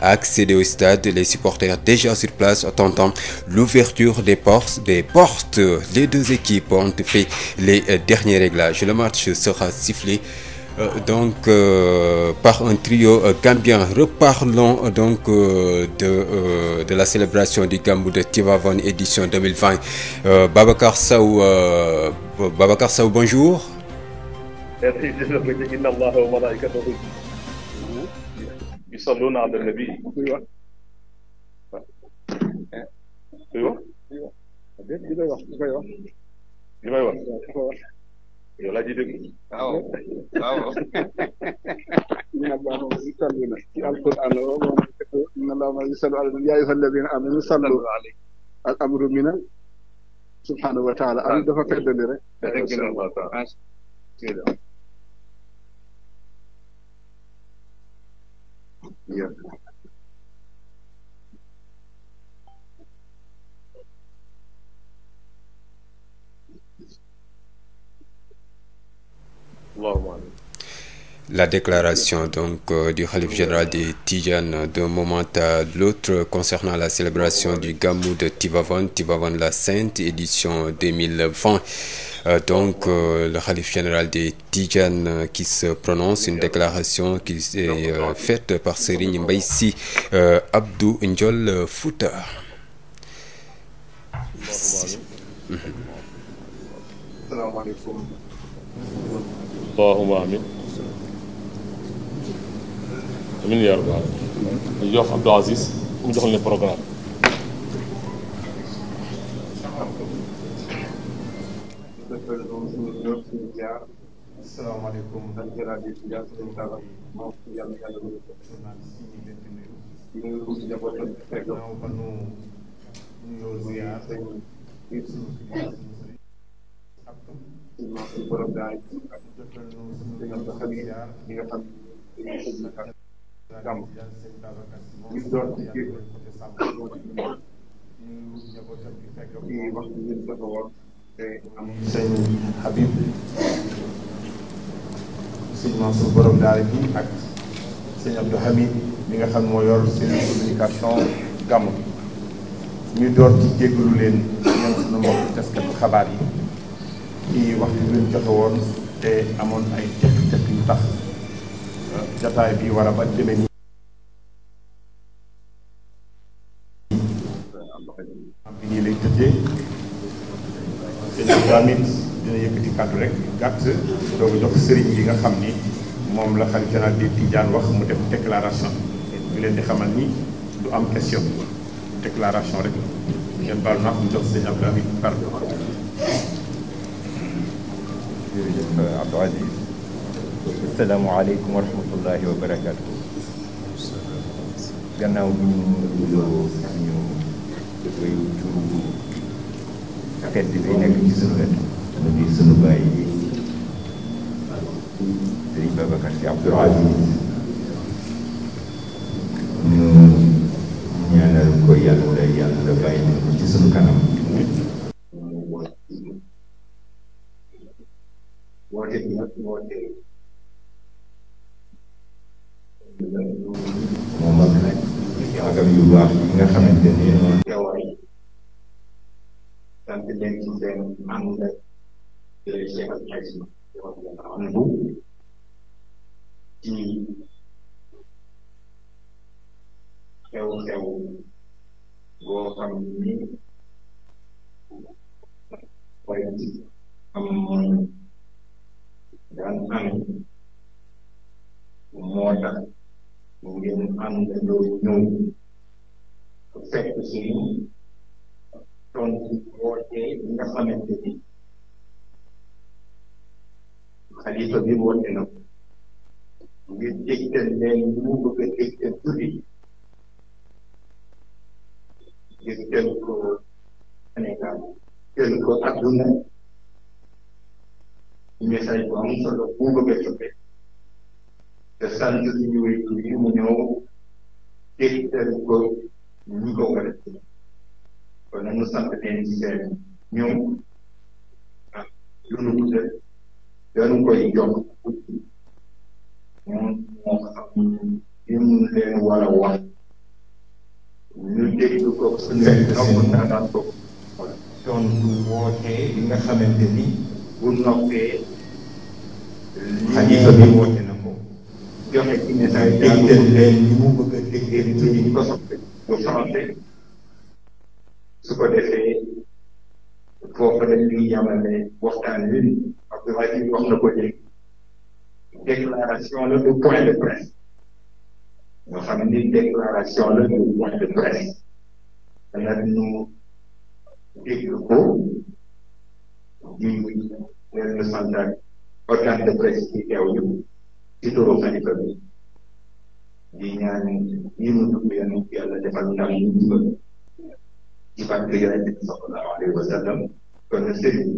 à accéder au stade. Les supporters déjà sur place attendant l'ouverture des portes, des portes. Les deux équipes ont fait les euh, derniers réglages. Le match sera sifflé. Euh, donc euh, par un trio euh, euh donc euh, de de la célébration de Tivaouane édition 2020 Babacar Sow Babacar Sow bonjour yusalluuna ala nabi kuy wax waaw kuy wax li may wax li may wax li may wax yow laa ji déglu waaw waaw inna allaha yusalluuna ci alquran la woo moom inna allaha yusallu ala nabi yaa ayyuha alladina amanu sallu alayhi al amru mina subhanahu wa taala am dafa feddali rek Yeah. Long one. La déclaration donc euh, du Khalif général des Tidianes d'un moment à l'autre concernant la célébration du Gamou de Tivaouane, Tivaouane la Sainte, édition 2020. Euh, donc euh, le Khalif général des Tidianes euh, qui se prononce, une déclaration qui est euh, faite par Serigne Mbaye euh, Sy Abdou amiin yaa rabbal ñu Aziz mu jox leen programme. gàmm ñu doon ci kii ci waxtu bi dafa war te am sëñ Habib sëñ Mansour borom daara bi ak sëñ Abdou Hamid mi nga xam moo yor service communication gàmm ñu door ci jéggalu leen ñoom suñu mbokk xabaar yi ci waxtu bi ñu woon te amoon ay tëkk-tëkk yu tax jataay bi war a ba demee nii bi nii lay tëjee sëñ Lamine dina yëkkati kàddu rek gàtt doogu jox sëriñ bi nga xam ni moom la xalifa général des Tidianes wax mu def déclaration ñu leen di xamal ni du am question déclaration rek ngeen baal naa mu jox sëñ Abdou Lamine pardon jërëjëf Abdou Aziz asalaamualeykum wa rahmatullahi wa barakaatu. gannaaw bi ñu nuyoo suñu wéyu turu tedd bi nekk ci suñu wet dañuy suñu bàyyi yi Si Abdul Aziz ñu ñaanal ko yàlla yàlla bàyyi ñu ko ci suñu kanam woote moo mag nag magam yu baax yi nga xamante ni ñoo teewaay sant leen ci seen ànd ak Cheikh Al xew-xew boo xam ni way am daan ngeen àndandoo ñëw fekk si tontu woote bi nga xamante ni xalifa bi woote na ko ngir dégtal leen li mu bëgg a dégtal julli dégtal ko Sénégal jël ko adduna message bu am solo bu bëgg a joxe te sant suñu wéy yi mu ñëw dégtal ko ñu ko war a def kon nañu sant leen ci seen ñëw ak lu nu gudde dañu koy jox moom moo xam li mu leen war a wax ñu déglu ko suñu nopp naataan ko son du wootee li nga xamante ni bu noppee xalifa bi woote na joxe ci message dégtal leen ñi mu bëgg a déggee nit ñi ñu ko soxla ñu soxla su ko defee foofu la ñuy yamale waxtaan wi Abdoulaye wax na ko déclaration la du point de presse nga xam déclaration la du point de presse dana ñu déglu ko di leen santaat organe de presse yi teew ci turu xalifa bi di ñaan ñi mu dugg yàlla yàlla defal ndam ñu dugal ci barke yonente bi sallallahu alayhi wa sallam kon na sëriñ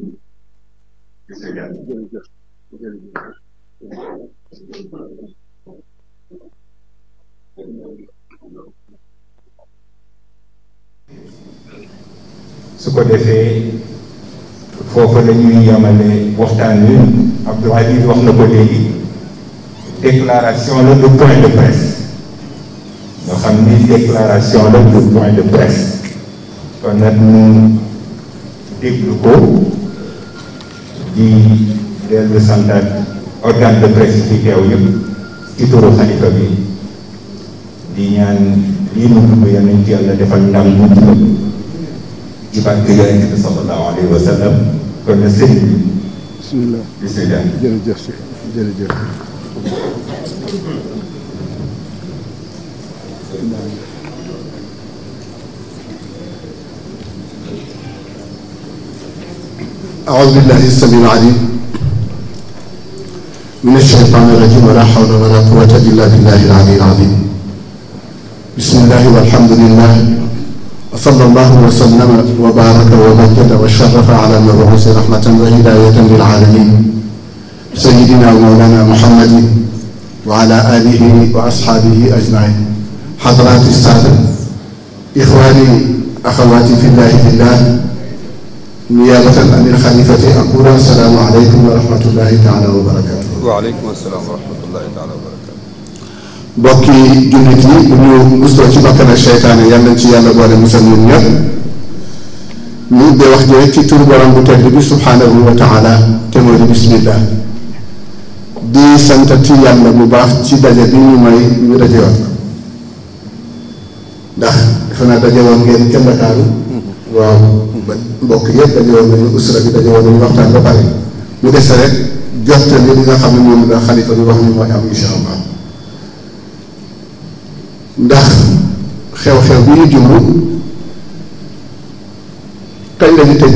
bi sa jàll su ko defee foofu la ñuy yamale waxtaan wi Abdou Aziz wax na ko léegi déclaration la du point de presse nga xam ni déclaration la du point de presse kon nag ñu déglu di dellu santaat organe de presse fi teew yëpp ci turu xalifa bi di ñaan lii mu tudd yal nañ ci yàlla defal mu tudd ci barke yonent bi sallallahu alayhi wa sallam kon na sëñ bi أعوذ بالله السميع العليم من الشيطان الرجيم ولا حول ولا قوة إلا بالله العلي العظيم بسم الله والحمد لله وصلى الله وسلم وبارك ومجد وشرف على مبعوث رحمة وهداية للعالمين sayyidina mawlana muhammadin wa ala alihi wa ashaabihi ajmain xadaraati saada ixwaani axawaati fillahi fillah niyaabatan anil xalifati aqulu assalaamu aleykum wa rahmatullahi taala wa barakaatu. wa aleykum assalaam wa rahmatullahi taala wa barakaatu. mbokki jullit yi bu ñu mustoo ci bakkan ak seytaane yàlla ci yàlla boole musal ñun ñëpp ñu de wax ji rek ci tur borom bu tedd bi subhaanahu wa taala te mooy bismillah di santati yàlla bu baax ci daje bi ñu may ñu daje woon ndax defe naa daje woon ngeen kenn Ndakaaru waaw ba mbokk yëpp daje woon usra bi daje woon waxtaan ba pare ñu dese rek jottali li nga xam ne moom la xalifa bi wax ni mooy am insha allah ndax xew-xew bi ñu jublu kañ la tëj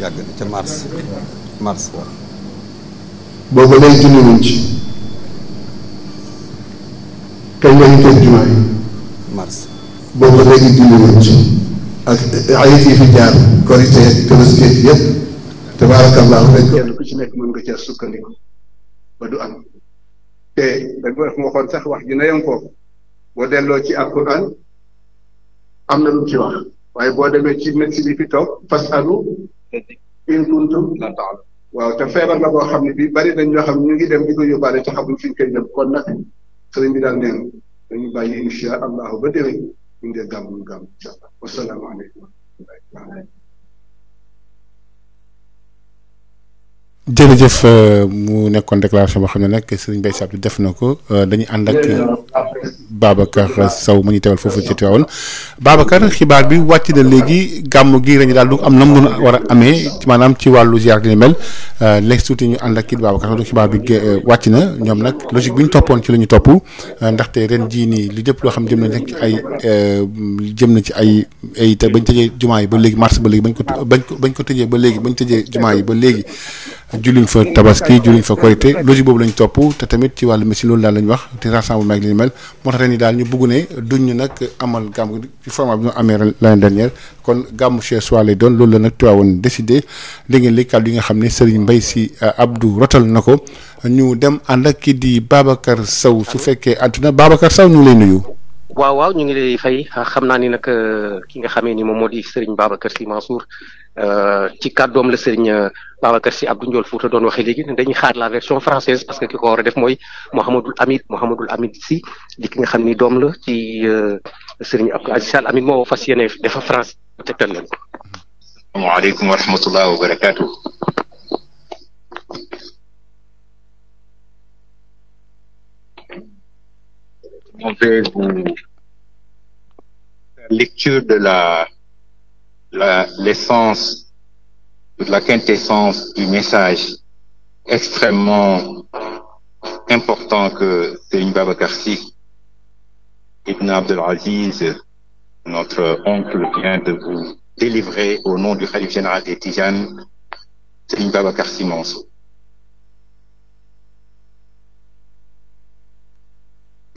jàkka mars boobu ba léegi junni wuñ ci kañ la tëj jumaa yi mars boobu ba léegi wuñ ci ak ayit yi fi jaar korite tabaski yëpp tabaarakallaahu rek kenn ku ci nekk mën nga cee sukkandiku ba du am te dañ ko def moo sax wax ji na yem ko boo delloo ci alquran am na lu ci wax waaye boo demee ci médecine bi fi toog fas alu in kuntum la taalam waaw te feebar la boo xam ne bii bari nañ ñoo xam ñu ngi dem di ko yóbbaale te xamul fi ñu koy dem kon nag sëriñ bi daal nee na dañu bàyyi incha allahu ba déwén ñu gam dee gàmm gàmm jërëjëf euh, mu nekkoon déclaration boo xam ne nag Serigne Mbaye Sabdi def na ko euh, dañuy ànd ak Babacar Sow mu ñu teewal foofu ci Tivaouane Babacar xibaar bi wàcc na léegi gàmm gi dañu daal du am na mu war a amee maanaam ci wàllu ziar li mel euh, léegi tuuti ñu ànd ak kii Babacar xibaar bi wàcc na ñoom nag logique bi ñu toppoon ci la ñu topp ndaxte ren jii nii li lépp loo xam jëm na ci ay jëm na ci ay ay te bañ tëjee jumaa yi ba léegi mars ba léegi bañ ko bañ bañ ko tëjee ba léegi bañ tëjee jumaa yi ba léegi julliñ fa tabaski julliñ fa korité logique boobu lañ topp te tamit ci wàllu médecine loolu daal lañ wax te rassemblement ak li ñu mel moo tax ren daal ñu bugg ne duñ ñu nag amal gàmm ci format bi ñu amee l'année dernière kon gàmmu chez soi lay doon loolu la nag tuwaawoon décidé dégg ngeen li kàddu yi nga xam ne Serigne Mbaye Sy euh, Abdou rotal na ko ñu dem ànd ak kii di Babacar Sow su fekkee àdduna Babacar saw ñu ngi lay nuyu waaw waaw ñu ngi lay fay xam naa ni nag euh, ki nga xamee ni moom moo di Serigne Babacar Sy Mansour euh, ci kàddoom la Serigne euh, Babacar Sy Abdou Ndiol Fouta doon waxee léegi dañuy xaar la version française parce que ki ko war a def mooy Mouhamadul Amid Mouhamadul Amid Sy di ki nga xam ni doom la ci sëriñ Abdou Aziz Al Amid moo fas yéene dafa français tegtal leen ko. asalaamaaleykum vais vous faire lecture de la la l'essence de la quintessence du message extrêmement important que Serigne Babacar Sy Ibn Abdel notre oncle vient de vous délivrer au nom du Khalife général des Tidianes Serigne Babacar Sy Mansour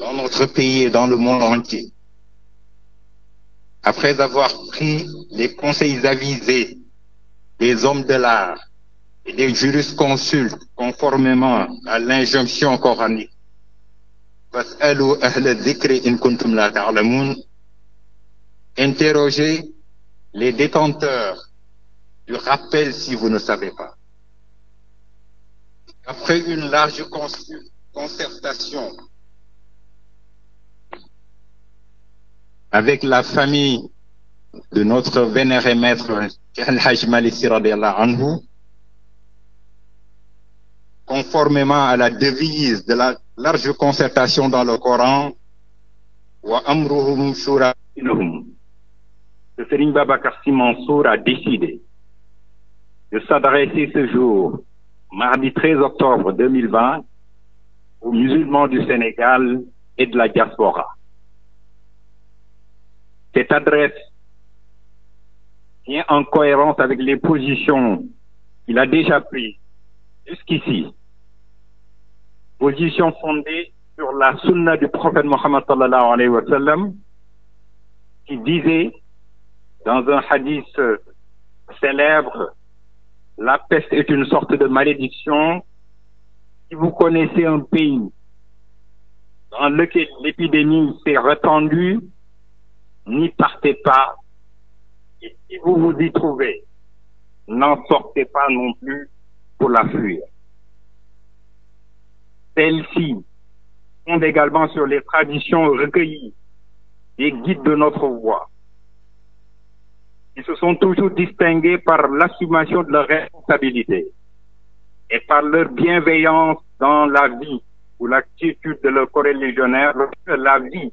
dans notre pays et dans le monde entier. Après avoir pris les conseils avisés des hommes de l'art et des jurisconsultes conformément à l'injonction coranique, Fas'alu ahla dhikri la ta'lamun, interrogez les détenteurs du rappel si vous ne savez pas. Après une large concertation avec la famille de notre vénéré maître El Hadj Malick Sy conformément à la devise de la large concertation dans le Coran wa amruhum shura baynahum que Serigne Babacar Sy Mansour a décidé de s'adresser ce jour mardi octobre aux musulmans du Sénégal et de la diaspora cette adresse vient en cohérence avec les positions qu'il a déjà prises jusqu'ici. Position fondée sur la sunna du prophète Mohammed sallallahu alayhi wa qui disait dans un hadith célèbre, la peste est une sorte de malédiction. Si vous connaissez un pays dans lequel l'épidémie s'est répandue, n'y partez pas. Et si vous vous y trouvez, n'en sortez pas non plus pour la fuir. Celles-ci fondent également sur les traditions recueillies des guides de notre voie. Ils se sont toujours distingués par l'assumation de leurs responsabilités et par leur bienveillance dans la vie ou l'attitude de leurs corps légionnaires, la vie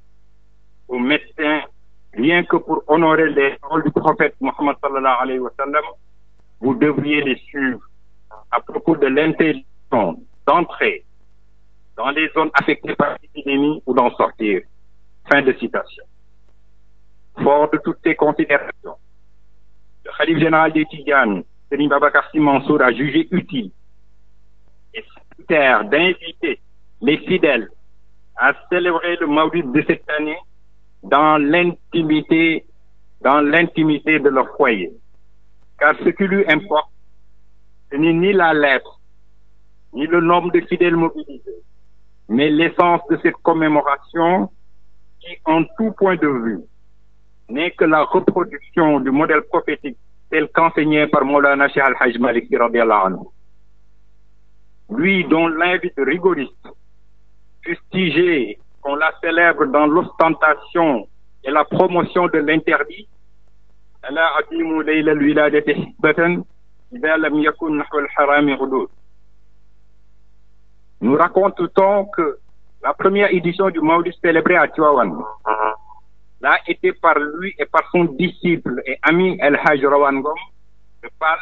aux médecins, rien que pour honorer les rôles du prophète Mohammed sallallahu alayhi wa vous devriez les suivre à propos de l'interdiction d'entrer dans les zones affectées par l'épidémie ou d'en sortir. Fin de citation. Fort de toutes ces considérations, le khalife général des Tidianes, Serigne Babacar Sy Mansour, a jugé utile et salutaire d'inviter les fidèles à célébrer le Mawlid de cette année dans l'intimité, dans l'intimité de leur foyer. Car ce qui lui importe, ce n'est ni la lettre, ni le nombre de fidèles mobilisés, mais l'essence de cette commémoration qui, en tout point de vue, n'est que la reproduction du modèle prophétique tel qu'enseigné par Moulana Cheikh Al-Hajj Maliki Lui dont l'invite rigoriste, fustigé qu'on la célèbre dans l'ostentation et la promotion de l'interdit alaa adimu laylal wiladati hikbatan ida lam yakun nahwa alharami hudud nous racontons que la première édition du Maoulid célébrée à Tivaouane l'a été par lui et par son disciple et ami El Hadj Rawane Ngom de Pan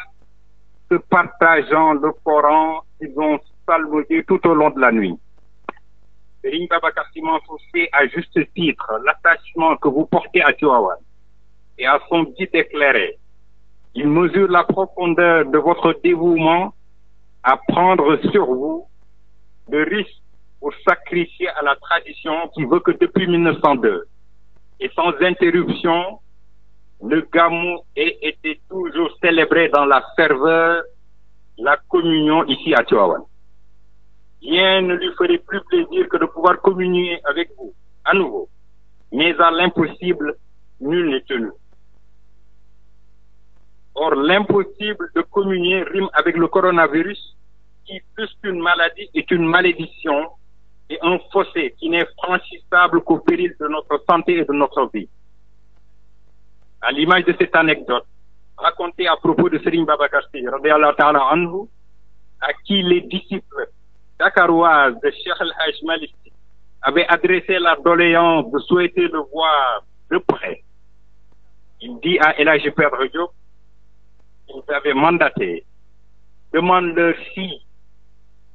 se partageant le Coran ils ont psalmodié tout au long de la nuit Serigne Babacar Sy Mansour Sy à juste titre l'attachement que vous portez à Tivaouane et à son guide éclairé. Il mesure la profondeur de votre dévouement à prendre sur vous le risque pour sacrifier à la tradition qui veut que depuis 1902 et sans interruption le Gamou ait été toujours célébré dans la ferveur, la communion ici à Tivaouane. rien ne lui ferait plus plaisir que de pouvoir communier avec vous à nouveau. Mais à l'impossible, nul n'est tenu. Or, l'impossible de communier rime avec le coronavirus, qui, plus qu'une maladie, est une malédiction et un fossé qui n'est franchissable qu'au péril de notre santé et de notre vie. À l'image de cette anecdote racontée à propos de Serigne Babacar Sy, à qui les disciples Dakaroise de Cheikh El Hadj Malick avait adressé la doléance de souhaiter le voir de près. Il dit à El Hadj Père Diop qu'il mandaté demande-leur si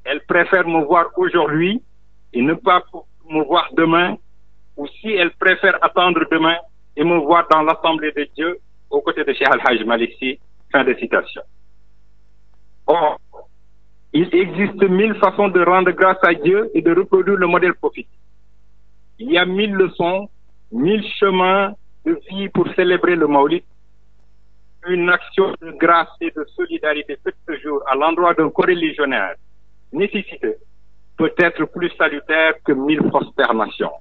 elle préfère me voir aujourd'hui et ne pas me voir demain ou si elle préfère attendre demain et me voir dans l'assemblée de Dieu aux côtés de Cheikh Al Hadj Malick Fin de citation. Or, Il existe mille façons de rendre grâce à Dieu et de reproduire le modèle prophétique. Il y a mille leçons, mille chemins de vie pour célébrer le Maulid. Une action de grâce et de solidarité faite ce jour à l'endroit d'un coreligionnaire nécessité peut être plus salutaire que mille prosternations.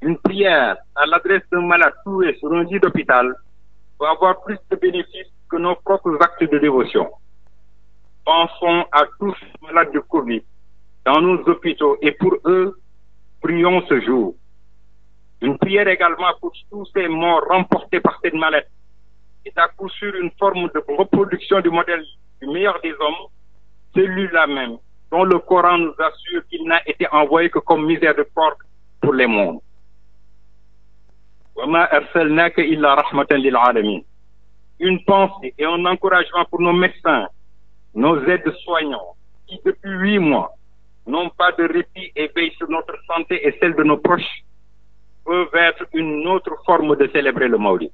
Une prière à l'adresse d'un malade trouvé sur un lit d'hôpital peut avoir plus de bénéfices que nos propres actes de dévotion. Pensons à tous malades de Covid dans nos hôpitaux et pour eux, prions ce jour. Une prière également pour tous ces morts remportés par cette maladie est à coup sûr une forme de reproduction du modèle du meilleur des hommes, celui-là même dont le Coran nous assure qu'il n'a été envoyé que comme miséricorde pour les mondes. Une pensée et un encouragement pour nos médecins, nos aides-soignants, qui depuis huit mois n'ont pas de répit et veillent sur notre santé et celle de nos proches, peuvent être une autre forme de célébrer le Maulid.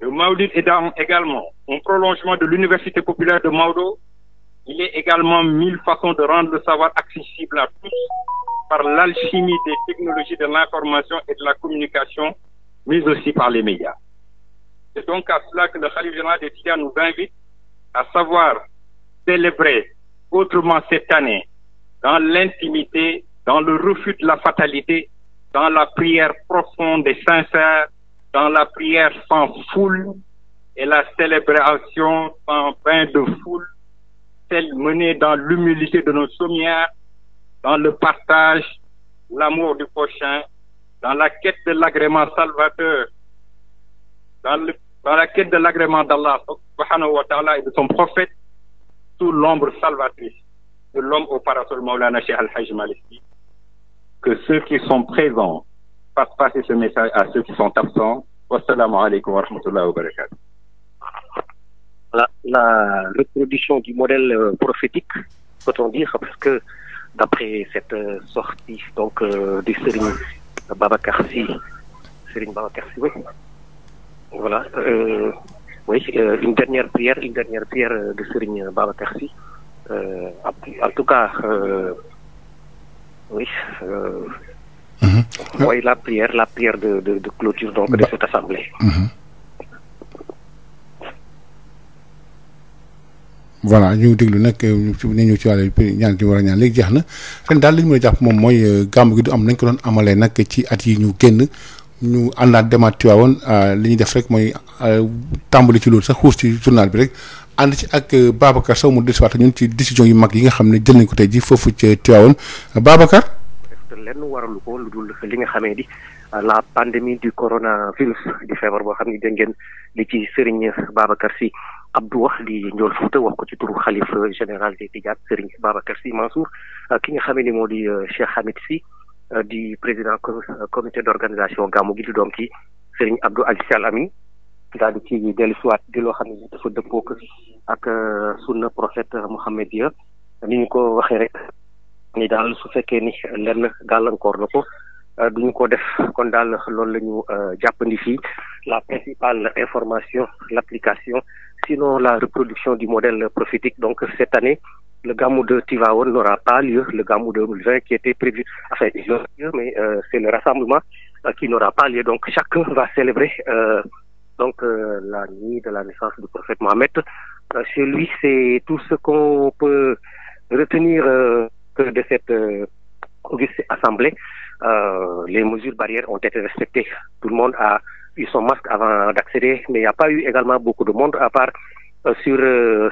Le Maulid est également un prolongement de l'université populaire de Maodo. Il est également mille façons de rendre le savoir accessible à tous par l'alchimie des technologies de l'information et de la communication, mais aussi par les médias. C'est donc à cela que le Khalif général des Tidjanes nous invite à savoir célébrer autrement cette année dans l'intimité, dans le refus de la fatalité, dans la prière profonde et sincère, dans la prière sans foule et la célébration sans bain de foule, celle menée dans l'humilité de nos sommières, dans le partage, l'amour du prochain, dans la quête de l'agrément salvateur, dans la quête de l'agrément d'Allah subhanahu wa ta'ala et de son prophète salvatrice de l'homme au parasol Maulana Cheikh Al-Hajj Malick que ceux qui sont présents fassent passer ce message à ceux qui sont absents wassalamu aleykum wa rahmatullahi wa la la du modèle euh, prophétique parce que d'après cette euh, sortie donc euh, du Serigne Babacar Sy Serigne voilà euh, oui euh, une dernière prière une dernière prière euh, de Serigne Babacar Sy euh, en tout cas euh, oui. Mmh. oui la prière la prière de de de donc de cette assemblée. Mhm. voilà ñu déglu nag ñu ñëw ci wàllu ñaan ci war a ñaan léegi jeex na ren daal li ñu mën jàpp moom mooy gàmmu gi du am nañ ko doon amalee nag ci at yi ñu génn. ñu àndaat demaat Tiwaawoon euh, li ñuy def rek mooy euh, tàmbali ci loolu sax xuus ci journal bi rek ànd ci ak euh, Babacar Sow mu desiwaat ñun ci décision yu mag yi nga xam ne jël nañ ko tey ji foofu ci Tiwaawoon Babacar. lenn waralu ko lu dul li nga xamee di la pandémie du coronavirus di feebar boo xam ne dégg ngeen li ci Serigne Babacar Sy Abdou wax di Ndiol Fouta wax ko ci turu xalif général des Tidianes Serigne Babacar Sy Mansour ki nga xamee ni moo di Cheikh Hamid Sy. Euh, di président euh, comité d'organisation gàmmu gi di doom ci Serigne Abdou Aziz Al Amin daal di ci dellu di loo xam ne dafa dëppook ak euh, sunna prophète Mohammed ya ni ñu ko waxee rek ni daal su fekkee ni lenn gàllankoor na ko duñu ko def kon daal loolu la ñu jàppandi fii la principale information l'application sinon la reproduction du modèle prophétique donc cette année le Gamou de Tivaouane n'aura pas lieu, le Gamou 2020 qui était prévu, enfin il mais euh, c'est le rassemblement euh, qui n'aura pas lieu. Donc chacun va célébrer euh, donc la nuit de la naissance du prophète Mohammed. chez lui, c'est tout ce qu'on peut retenir de cette auguste assemblée. les mesures barrières ont été respectées. Tout le monde a eu son masque avant d'accéder, mais il n'y a pas eu également beaucoup de monde à part sur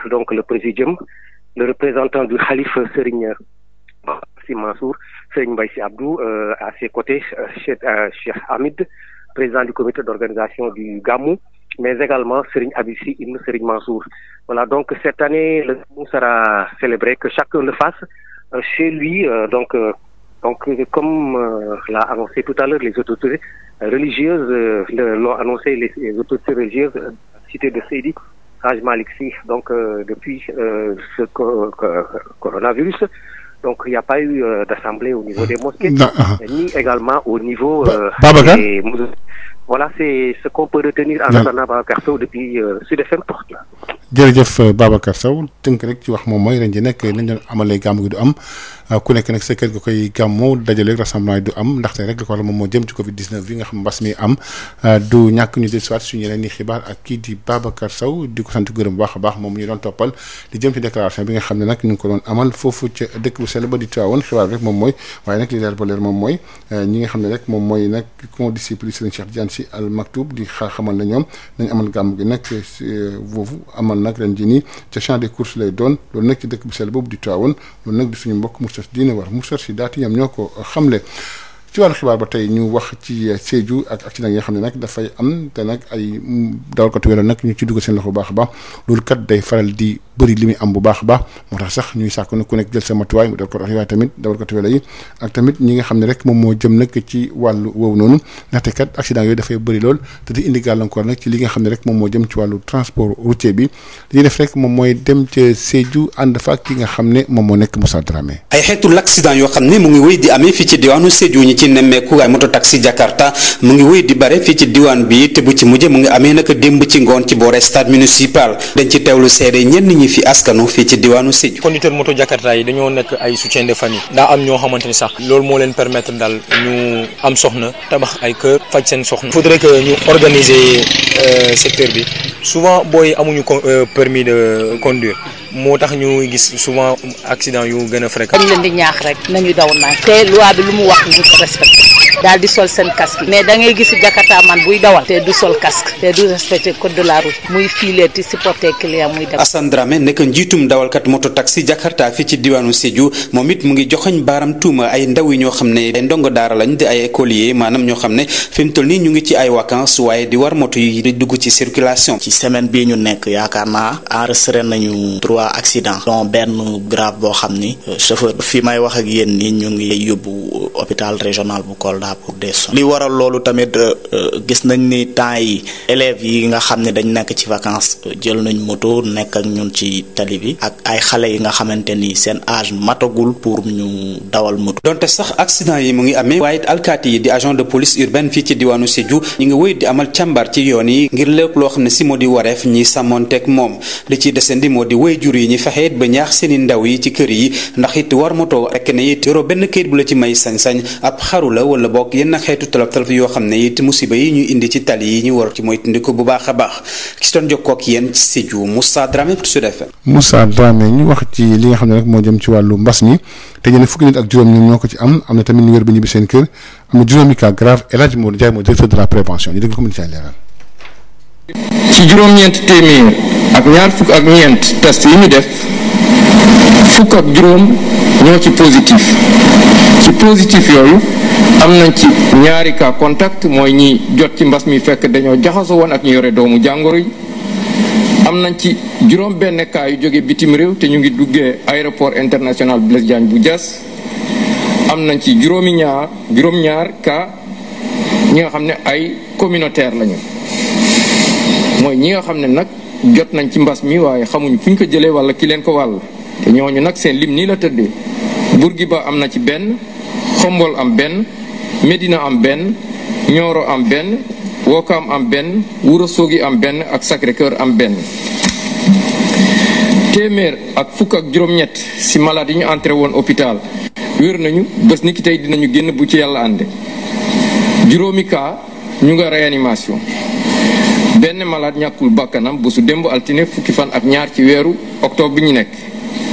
donc le présidium. le représentant du khalife euh, Serigne euh, Sy Mansour, Serigne Mbaye Sy Abdou, euh, à ses côtés euh, Cheikh Cheikh Hamid, président du comité d'organisation du Gamou, mais également Serigne Abib Sy ibn Serigne Mansour. Voilà, donc cette année, le Gamou sera célébré, que chacun le fasse chez lui, donc donc comme euh, l'a annoncé tout à l'heure les autorités religieuses euh, l'ont annoncé les, les autorités religieuses de Seydi Hadj Malick Sy donc euh, depuis euh, ce coronavirus donc il n'y a pas eu euh, d'assemblée au niveau des mosquées ah. ni également au niveau des voilà c'est ce qu'on peut retenir en attendant Babacar Sow depuis Sud FM Porte la jërëjëf Babacar Sow tënk rek ci wax moom mooy ren nekk nañ doon amalee gàmm gi du am Euh, ku nekk nag sa kër ga koy gàmmu dajale ak du am ndaxte rek li ko waral moom moo jëm ci Covid 19 bi nga xam mbas mi am euh, du ñàkk ñu jël soit suñu yeneen i xibaar ak kii di Babacar Sow di ko sant gërëm bu baax a baax moom ñu doon toppal di jëm ci déclaration bi nga xam ne nag ñu ngi ko doon amal foofu moom mooy waaye nag li leer ba leer moom mooy euh, ne rek moom mooy nag con disciple Serigne Cheikh Diane Al Maktoum di xamal na ñoom nañ amal gàmm gi nag foofu amal nag ren ji nii ca champ des courses lay doon loolu nag ci dëkk bu sell boobu di tuwaawoon loolu nag di suñu mbokk mustas diine war mustas si daati yam ñoo ko xamle ci wàllu xibaar ba tey ñu wax ci Sédhiou ak accident yi xam ne nag dafay am te nag ay dawalkatu welo nag ñu ci dugg seen loxo bu baax a baax loolu kat day faral di bëri li muy am bu baax a baax moo tax sax ñuy sàkku ne ku nekk jël sa matuwaay mu dal ko waaye tamit dawalkatu welo ñi nga xam ne rek moom moo jëm nag ci wàllu woowu noonu ndaxte kat accident yooyu dafay bëri lool te di indi gàllankoor nag ci li nga xam ne rek moom moo jëm ci wàllu transport routier bi moom mooy dem ca Sédhiou ànd ak ki nga xam ne moom moo nekk Moussa Dramé ay xeetu ci nemmeeku ay moto taxi Jakarta mu ngi wéy di bare fii ci diwaan bi te bu ci mujje mu ngi amee naka démb ci ngoon ci boore stade municipal dañ ci teewlu seede ñenn ñi fi askanu fii ci diwaanu Sédhiou. conducteur moto Jakarta yi dañoo nekk ay soutien de famille daa am ñoo xamante ni sax loolu moo leen permettre daal ñu am soxna tabax ay kër faj seen soxna. il faudrait que ñu organiser euh, secteur bi souvent booy amuñu euh, permis de conduire. moo tax ñu gis suma accident yu gën a fréquent. dañ leen di ñaax rek nañu daw naan te waa bi lu mu wax ñu ko respecté. daal di sol seen casque mais da ngay gis jakarta man buy dawal te du sol casque te du respecté code de la route muy fiilee ti supporté client muy dem Assane Dramé nekk njiitum dawalkat moto taxi jakarta fii ci diwaanu Sédhiou moom it mu ngi joxoñ baaram tuuma ay ndaw yi ñoo xam ne ay ndongo daara lañ di ay écolier maanaam ñoo xam ne fi mu toll nii ñu ngi ci ay vacances waaye di war moto yi di dugg ci circulation ci semaine bii ñu nekk yaakaar naa enregistré nañu trois accidents dont benn grave boo xam ni euh, chauffeur fi may wax ak yéen ni ñu ngi yóbbu hôpital régional bu Kolda mandat pour des li waral loolu tamit euh, euh, gis nañ ni temps yi élèves yi nga xam ne dañ nekk ci vacance euh, jël nañ moto nekk ak ñun ci tali bi ak ay xale yi nga xamante ni seen âge matagul pour ñu dawal moto. donte sax accident yi mu ngi amee waaye it alkaati yi di agent de police urbaine fii ci diwaanu Sédhiou ñi ngi wéy di amal càmbar ci yoon yi ngir lépp loo xam ne si moo di wareef ñi sàmmonteeg moom li ci desandi moo di wéy jur yi ñi fexe it ba ñaax seeni ndaw yi ci kër yi ndax it war moto rek la ci may sañ bokk yenn xeetu tolof tolof yoo xam ne it musiba yi ñuy indi ci tali yi ñu war ci moytandiku bu baax a baax ki si doon jokkoo ak yéen ci Sédhiou li nga xam ne rek moo jëm ci wàllu mbas mi te ñu ne fukki nit juróom ci am am na tamit ñu la prévention ñu dégg ko mu ci leeral. ci ñeent téeméer ak ñaar fukk ak ñeent test yi ñu def. fukk ak juróom ñoo ci positif ci positif yooyu am nañ ci ñaari kaa contact mooy ñi jot ci mbas mi fekk dañoo jaxasoo woon ak ñu yore doomu jàngoro yi am nañ ci juróom benn cas yu jóge bitim réew te ñu ngi duggee aéroport international Blaise Diagne bu Diass am nañ ci juróomi ñaar juróom-ñaar cas ñi nga xam ne ay communautaire lañu mooy ñi nga xam ne nag jot nañ ci mbas mi waaye xamuñ fu ñ ko jëlee wala ki leen ko wàll te ñooñu nag seen lim nii la tëddee Bourguiba am na ci benn Xombol am benn Médina am benn Nioro am benn Wokam am benn Wuro Sogi am benn ak sacré am benn. téeméer ak fukk ak juróom-ñett si malade ñu entré woon hôpital wér nañu bës ni ki tey dinañu génn bu ci yàlla ànde juróomi cas ñu nga réanimation. benn malade ñàkkul bàkkanam bu su démb altine fukki fan ak ñaar ci weeru octobre bi ñu nekk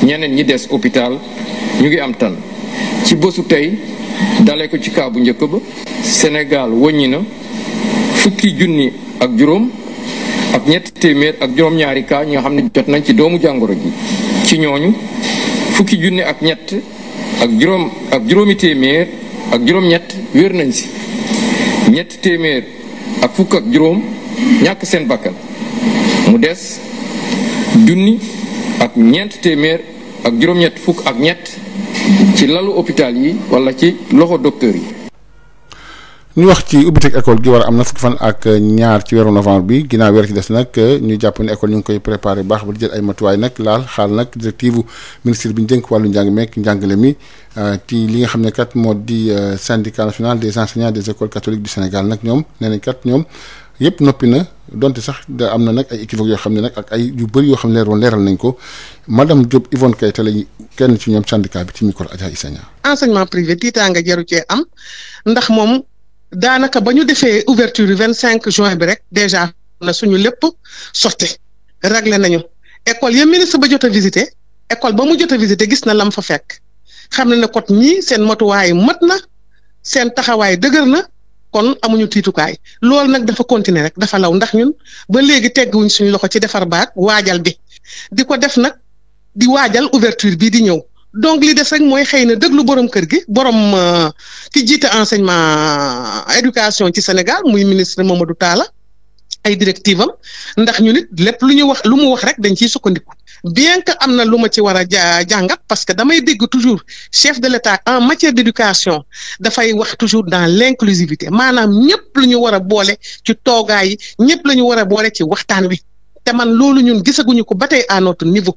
ñeneen ñi des hôpital ñu ngi am tan ci bësu tey daleko ko ci kaabu njëkk ba senegal wëññi na fukki junni ak juróom ak ñetti téeméer ak juróom-ñaari cas ñi nga xam ne jot nañ ci doomu jàngoro ji ci ñooñu fukki junni ak ñett ak juróom ak juróomi téeméer ak juróom-ñett wér nañ si ñetti téeméer ak fukk ak juróom ñàkk seen bakkan mu des junni ak ñeent téeméer ak juróom-ñett fukk ak ñett ci lalu hôpital yi wala ci loxo docteur yi. ñu wax ci ubbiteg école gi war a am na fukki fan ak ñaar ci weeru novembre bi ginnaaw weer ci des nag ñu jàpp ne ñu ngi koy préparé baax ba di jël ay matuwaay nag laal xaal nag directive ministre bi ñu wàllu njàng meek njàngale mi euh, ci li nga xam ne kat moo di euh, syndicat national des enseignants des écoles catholiques du Sénégal na ñoom nee nañ kat ñoom. yëpp noppi na donte sax da am na nag ay équivoque yoo xam ne nag ak ay yu bëri yoo xam ne leer woon leeral nañ ko madame Diop Yvonne Keita lañ kenn ci ñoom syndicat bi ci micro Adja Issa Niang enseignement privé tiitaanga jaru cee am ndax moom daanaka ba ñu defee ouverture yi vingt cinq join bi rek déjà na suñu lépp sotti réglé nañu école ya ministre ba jot visité école ba mu jot a visité gis na lam fa fekk xam na ne kot ñi seen matuwaay mat na seen taxawaay dëgër na kon amuñu tiitukaay loolu nag dafa continuer rek dafa law ndax ñun ba léegi tegguwuñ suñu loxo ci defar baag waajal bi di ko def nag di waajal ouverture bii di ñow donc li des rek mooy xëy na déglu borom kër gi borom euh, ki jiite enseignement euh, éducation ci Sénégal muy ministre du taala ay directive am ndax ñun it lépp lu ñu wax lu mu wax rek dañ ciy sukkandiku. bien que am na lu ma ci war a jàngat parce que damay dégg toujours chef de l'État en matière d'éducation dafay wax toujours dans l'inclusivité maanaam ñëpp lu ñu war a boole ci toogaay yi ñëpp la ñu war a boole ci waxtaan wi te man loolu ñun gisaguñu ko ba tey à notre niveau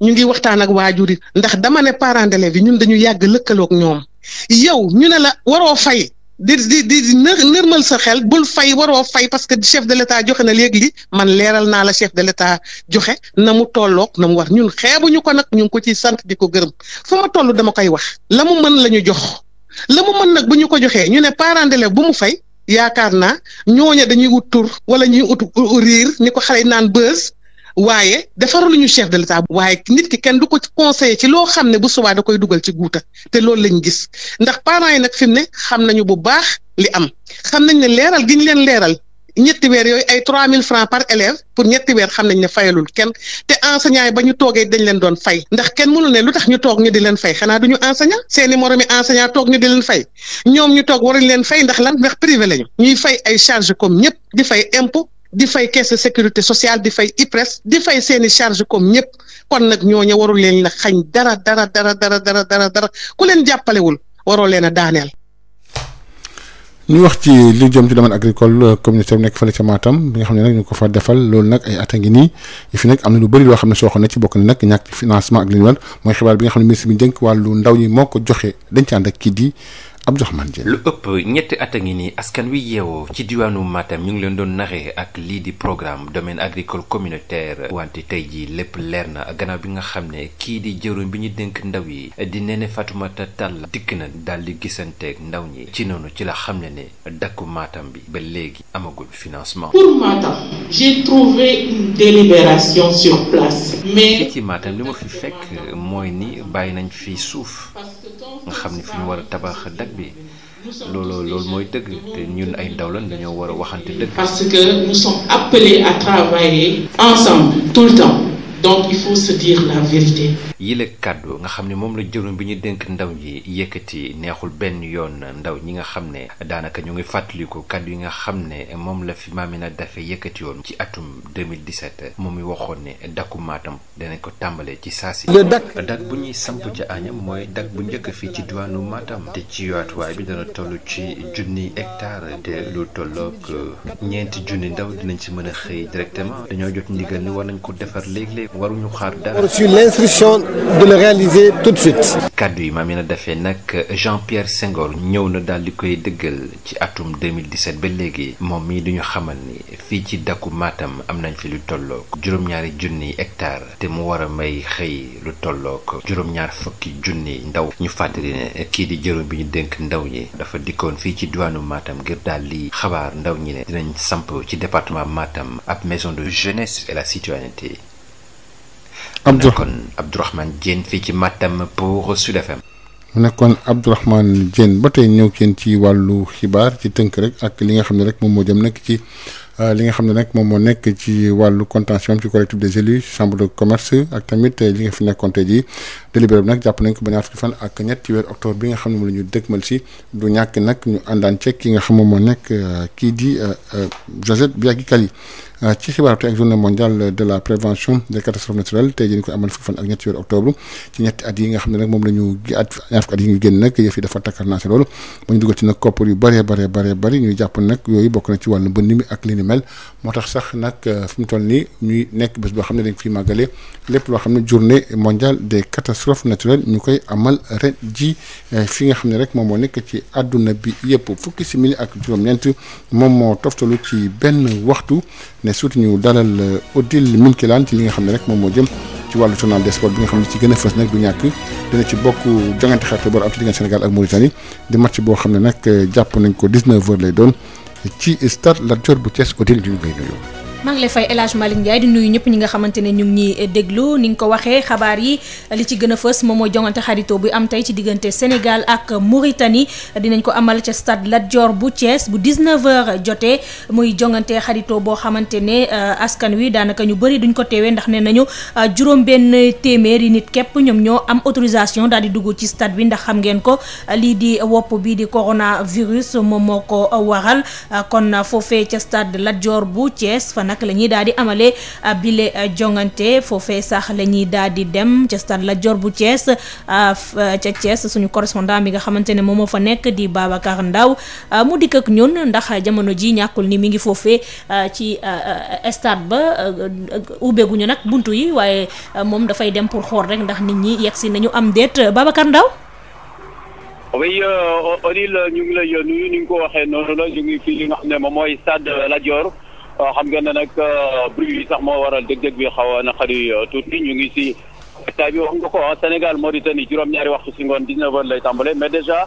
ñu ngi waxtaan ak waajur yi ndax dama ne parents d'élèves yi ñun dañu yàgg lëkkaloog ñoom yow ñu ne la waroo fay di di di nërmal sa xel bul fay waroo fay parce que chef de l'état joxe na léegi li man leeral naa la chef de l'état joxe na mu tollook na mu war ñun xeebuñu ko nag ñu ngi ko ciy sant di ko gërëm fa ma toll dama koy wax la mu mën la ñu jox la mu mën nag bu ñu ko joxee ñu ne parent d'élève bu mu fay yaakaar naa ñooña dañuy wut tur wala ñuy ut riir ni ko xale yi naan bës waaye defaraluñu chef de ta waaye nit ki kenn du ko conseiller ci loo xam ne bu subaa da koy dugal ci guuta te loolu lañ gis ndax parents yi nag fi ne xam nañu bu baax li am xam nañ ne leeral gi ñu leen leeral ñetti weer yooyu ay trois mille francs par élève pour ñetti weer xam nañ ne fayalul kenn te enseignant ba ñu toogee dañ leen doon fay ndax kenn mënul ne lu tax ñu toog ñu di leen fay xanaa du ñu enseignant seeni moromi enseignant toog ñu di fay ñoom ñu toog waruñ leen fay ndax lan ndax privé lañu ñuy fay ay charge comme ñëpp di fay impôt di fay caisse sécurité sociale di fay IPRES di fay seeni i charge comme ñëpp kon nag ñooñu warul leen la xañ dara dara dara dara dara dara dara ku leen jàppalewul waroo leen a daaneel. ñu wax ci li jëm ci domaine agricole euh, communautaire nekk fële ca Matam bi nga xam ne nag ñu ko fa defal loolu nag ay at a ngi nii fi nag am na lu bëri loo xam ne soo xoolee ci bokk na nag ñàkk financement ak li ñu war mooy xibaar bi nga xam ne ministre bi njënk wàllu ndaw ñi moo ko joxe dañ kii di. Abdourahmane Dieng lu ëpp ñetti at a ngi nii askan wi yeewoo ci diwaanu maatam ñu ngi leen doon naxee ak lii di programme domaine agricole communautaire wante tey jii lépp leer na gannaaw bi nga xam ne kii di jëwriñ bi ñu dénk ndaw yi di Néné Fatoumata Tall dikk na daal di gisanteeg ndaw ñi ci noonu ci la xam ne ne dakku maatam bi ba léegi amagul financement. pour Matam j'ai trouvé une délibération sur place. mais ci ma fi fekk mooy ni bàyyi nañ fi suuf nga xam ne fi bi loolu loolu mooy dëgg te ñun ay ndaw lañ dañoo war a waxante dëgg. parce que nous sommes appelés à travailler ensemble tout temps. donc yile kàddu nga xam ne moom la jëloon bi ñu denk ndaw ñi yëkkati neexul benn yoon ndaw ñi nga xam ne daanaka ñu ngi fàttaliku kàddu yi nga xam ne moom la fi Mamina Daffé yëkkati yoon ci atum 2017 moom mi waxoon ne dakku Matam danañ ko tàmbalee ci saa si. dak bu ñuy samp ci Agnam mooy dak bu njëkk fii ci diwaanu maatam te ci yaatuwaay bi dana toll ci junni hectare te lu tolloog ñeenti junni ndaw dinañ ci mën a xëy directement dañoo jot ndigal ni war nañ ko defar léeg waruñu xaar dara. reçu l'instruction de le réaliser tout de suite. kàddu yi Mamina Daffé nag Jean-Pierre Senghor ñëw na daal di koy dëggal ci atum 2017 ba léegi moom mii duñu xamal ni fii ci Daku maatam am nañ fi lu tollook juróom-ñaari junniy hectare te mu war a may xëy lu tollook juróom-ñaar fukki junniy ndaw ñu fàttali ne kii di jëróom bi ñu dénk ndaw ñi dafa dikkoon fii ci diwaanu maatam ngir daal di xabaar ndaw ñi ne dinañ samp ci département Matam ab maison de jeunesse et la citoyenneté mu nekkoon Abdourahmane Diène fii ci Matam pour Sud FM. mu nekkoon Abdourahmane Diène ba tey ñëw kenn ci wàllu xibaar ci tënk rek ak li nga xam ne rek moom moo jëm nag ci euh, li nga xam ne nag moom moo nekk ci wàllu contention ci collectif des élus chambre de commerce ak tamit euh, li nga fi nekkoon tey jii délibéré bi nag jàpp nañ ko ba ñaar fukki ak ñett ci weer octobre bi nga xam ne moom la ñu dëgmal si du ñàkk nag ñu àndaan ceeg ki nga xam moom moo nekk euh, kii di Josette Biagi Kali Euh, ci xibaar tey ak journée mondiale de la prévention des catastrophes naturelles tey jii ko amal fukki ak ñetti weeru octobre ci ñetti at yi nga xam ne nag moom la ñu at ñaar nag yëf yi dafa takkar naa si loolu ba ñu dugal ci nag koppar yu bëree bëree bëree bëri nag yooyu bokk na ci wàllu mbënd mi ak li ni mel moo tax sax nag euh, fi mu toll nii ñuy nekk bés boo xam ne dañ fiy màggale lépp loo xam ne journée mondiale des catastrophes naturelles ñu koy amal ji euh, fi nga xam ne rek moom moo nekk ci àdduna bi yëpp fukki simili ak juróom-ñeent moom moo toftalu ci benn waxtu ne surtout ñu dalal euh, Odile Minkelaan ci li nga xam ne rek moom moo jëm ci wàllu journal des sports bi nga xam ne ci gën a fës nag du ñàkk dina ci bokk jongante xarit bor am ci diggante Sénégal ak Mauritanie di match boo xam ne nag euh, jàpp nañ ko 19 heures lay doon ci stade Lat bu Thiès Odile ñu ngi koy nuyu. maa ngi lay fay El Hadj Malick Ndiaye di nuyu ñëpp ñi nga xamante ne ñu ngi ñuy déglu ni nga ko waxee xabaar yi li ci gën a fës moom mooy jongante xaritoo bu am tey ci diggante Sénégal ak Mauritanie dinañ ko amal ca stade Lat Dior bu Thiès bu 19h jotee muy jongante xaritoo boo xamante ne euh, askan wi daanaka ñu bëri duñ ko teewee ndax ne nañu euh, juróom-benn téeméeri nit képp ñoom ñoo am autorisation daal di dugg ci stade bi ndax xam ngeen ko lii di wopp bi di coronavirus moom moo ko waral kon foofee ca stade Lat Dior bu Thiès fan nak la ñuy daal di amalee ah, bile ah, jongante foofe sax la ñuy daal di dem ca stade Lat Dior bu cees ah, ca Thiès suñu correspondant bi nga xamante ne moom moo fa nekk di Babacar Ndaw mu dikk ak ñun ndax jamono ji ñàkkul ni mi ngi foofee ci stade ba ubbeeguñu nag bunt yi waaye moom dafay dem pour xool rek ndax nit ñi yegg si nañu am déet Babacar Ndaw oui euh, Odile ñu ngi lay nuyu ni nga ko waxee noonu la ñu ngi fii li nga xam ne moom mooy stade Lat Dior waaw euh, xam ngeen ne nag euh, bruit yi sax moo waral dëgg-dëgg bi xaw na xari euh, tuuti ñu ngi ci waxtaan bi wax nga ko ah, Sénégal Mauritanie juróom-ñaari waxtu si ngoon 19 heures lay tàmbale mais déjà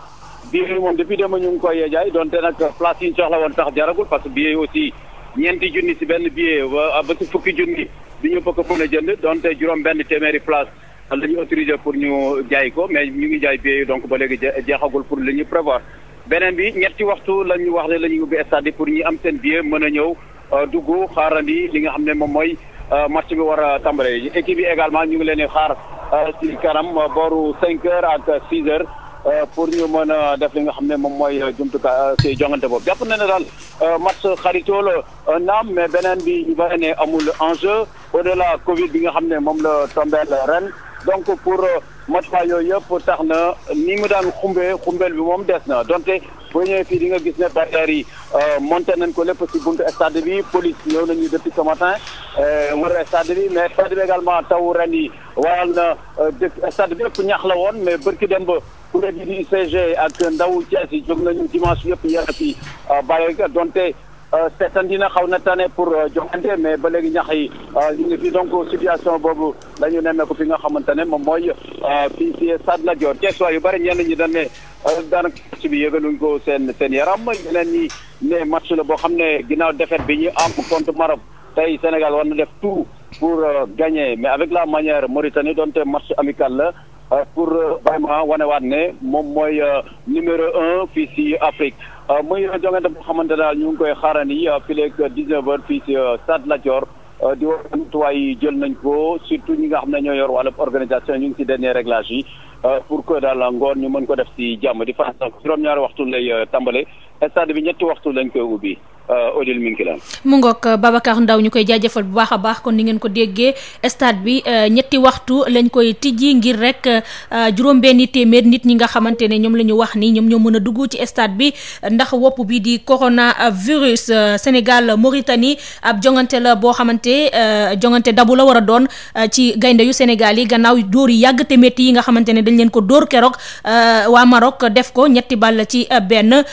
billet yi moom depuis démb ñu ngi koy jaay donte nag place yi ñu soxla woon sax jaragul parce que billet yi aussi ñeenti junni si benn billet ba si ah, fukki junni bi ñu bëgg mën a jënd donte juróom benn téeméeri place la ñu autorisé pour ñu jaay ko mais ñu ngi jaay billet donc ba léegi jeexagul pour li ñu prévoir beneen bi ñetti waxtu la ñu wax ne la ñuy ubbi stade pour ñi am seen billet mën a ñëw Euh, dugg xaarandi li nga xam ne moom mooy euh, match bi war a tàmbale équipe yi également ñu ngi leen di xaar euh, ci kanam booru 5 heures ak 6 heures pour ñu mën a def li nga xam ne moom mooy jumtukaay ci jongante boobu jàpp na ne daal match xaritoo la naam mais beneen bi ñu bëri ne amul enjeu au la Covid bi nga xam ne moom la tombeel ren donc pour. matuwaay yooyu yëpp tax na ni mu daan xumbe xumbeel bi moom des na donte boo ñëwee fii di nga gis ne barrières yi euh, monté nañ ko lépp ci buntu stade bi police ñëw nañu depuis ce matin euh, wër stade bi mais stade bi également taw ren yi waral na euh, stade bi yëpp ñax la woon mais bërki dem ba kuréel yi di UCG ak ndaw Thiès yi jóg nañu dimanche yëpp yéen a fi bàyyi donte. Euh, seetaan dina xaw na tane pour euh, joxante mais ba léegi ñax yi euh, ñu ngi fi donc situation boobu la ñu nemmeeku fi nga xamante ne moom mooy fii si Stade Lat Dior Thiès yu bëri ñeen ñi dañ ne daanaka match bi yëgaluñ ko seen seen yaram ñeneen ñi ne match la boo xam ne ginnaaw défaite bi ñu am contre Maroc tey Sénégal war na def tout pour gagner mais avec la manière Mauritanie doonte match amical la. Euh, pour euh, vraiment wanewaat ne moom mooy euh, numéro un fii si Afrique muy jongante boo xamante daal ñu ngi koy xaarandi fileeg 19 heures fii ci Stade Lat Dior di wax matuwaay yi jël nañ ko surtout ñi nga xam ne ñoo yor wàllu organisation ñu ngi si dernier réglage yi pour que daal ngoon ñu mën ko def si jàmm di faral juróom-ñaari waxtu lay tàmbale stade bi ñetti waxtu lañ koy ubbi. Euh, Odile mu ngoog euh, Babacar Ndaw ñu koy jaajëfal bu baax a baax kon ni ngeen ko déggee stade bi euh, ñetti waxtu lañ koy tijji ngir rek juróom-benni téeméer nit ñi nga xamante ne ñoom la ñu wax ni ñoom ñoo mën a dugg ci stade bi ndax wopp bi di coronavirus Sénégal Mauritanie ab jongante la boo xamante jongante dabu la war a doon ci gaynde yu Sénégal yi gannaaw dóor yi yàgg te métti yi nga xamante ne dañ leen ko dóor keroog waa marok def ko ñetti ball ci benn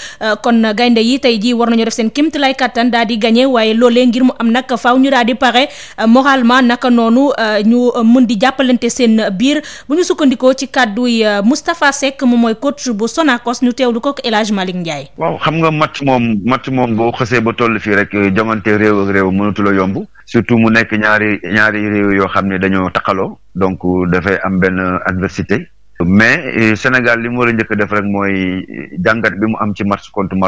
kon gaynde yi war nañoo def lay kattan daal di gagné waaye loolee ngir mu am nag faaw ñu daal di pare euh, moralement naka noonu euh, ñu euh, mun di jàppalante seen biir bu ñu sukkandikoo ci kàdduy Moustapha Seck moom mooy coach bu Sonacos ñu teewlu ko ak El Hadj Malick Ndiaye. waaw xam nga match moom match moom boo xasee ba toll fii rek jongante réew ak réew mënatu la yomb surtout mu nekk ñaari ñaari réew yoo xam ne dañoo taqaloo donc dafay am benn adversité. mais Sénégal li mu war njëkk def rek mooy jàngat bi mu am ci match contre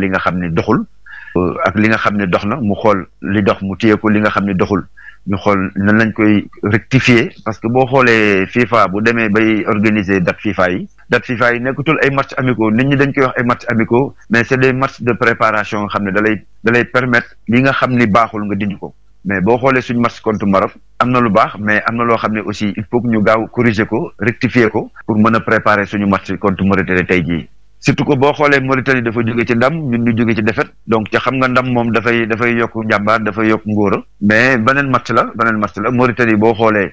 li nga xam ak li nga xam ne dox na mu xool li dox mu téye ko li nga xam ne doxul ñu xool nan nañ koy rectifier parce que boo xoolee FIFA bu demee bay organiser date FIFA yi date FIFA yi nekkatul ay match amicaux nit ñi dañ koy wax ay match amiko mais c'est des matchs de préparation nga xam ne da lay da lay permettre li nga xam ni baaxul nga dindi ko mais boo xoolee suñu match contre Maroc am na lu baax mais am na loo xam ne aussi il faut que ñu gaaw corriger ko rectifier ko pour mën a préparer suñu match contre Mauritanie tey jii surtout que boo xoolee Mauritanie dafa jóge ci ndam ñun ñu jóge ci defet donc ca xam nga ndam moom dafay dafay yokk njàmbaar dafay yokk ngóora mais beneen match la beneen match la Mauritanie boo xoolee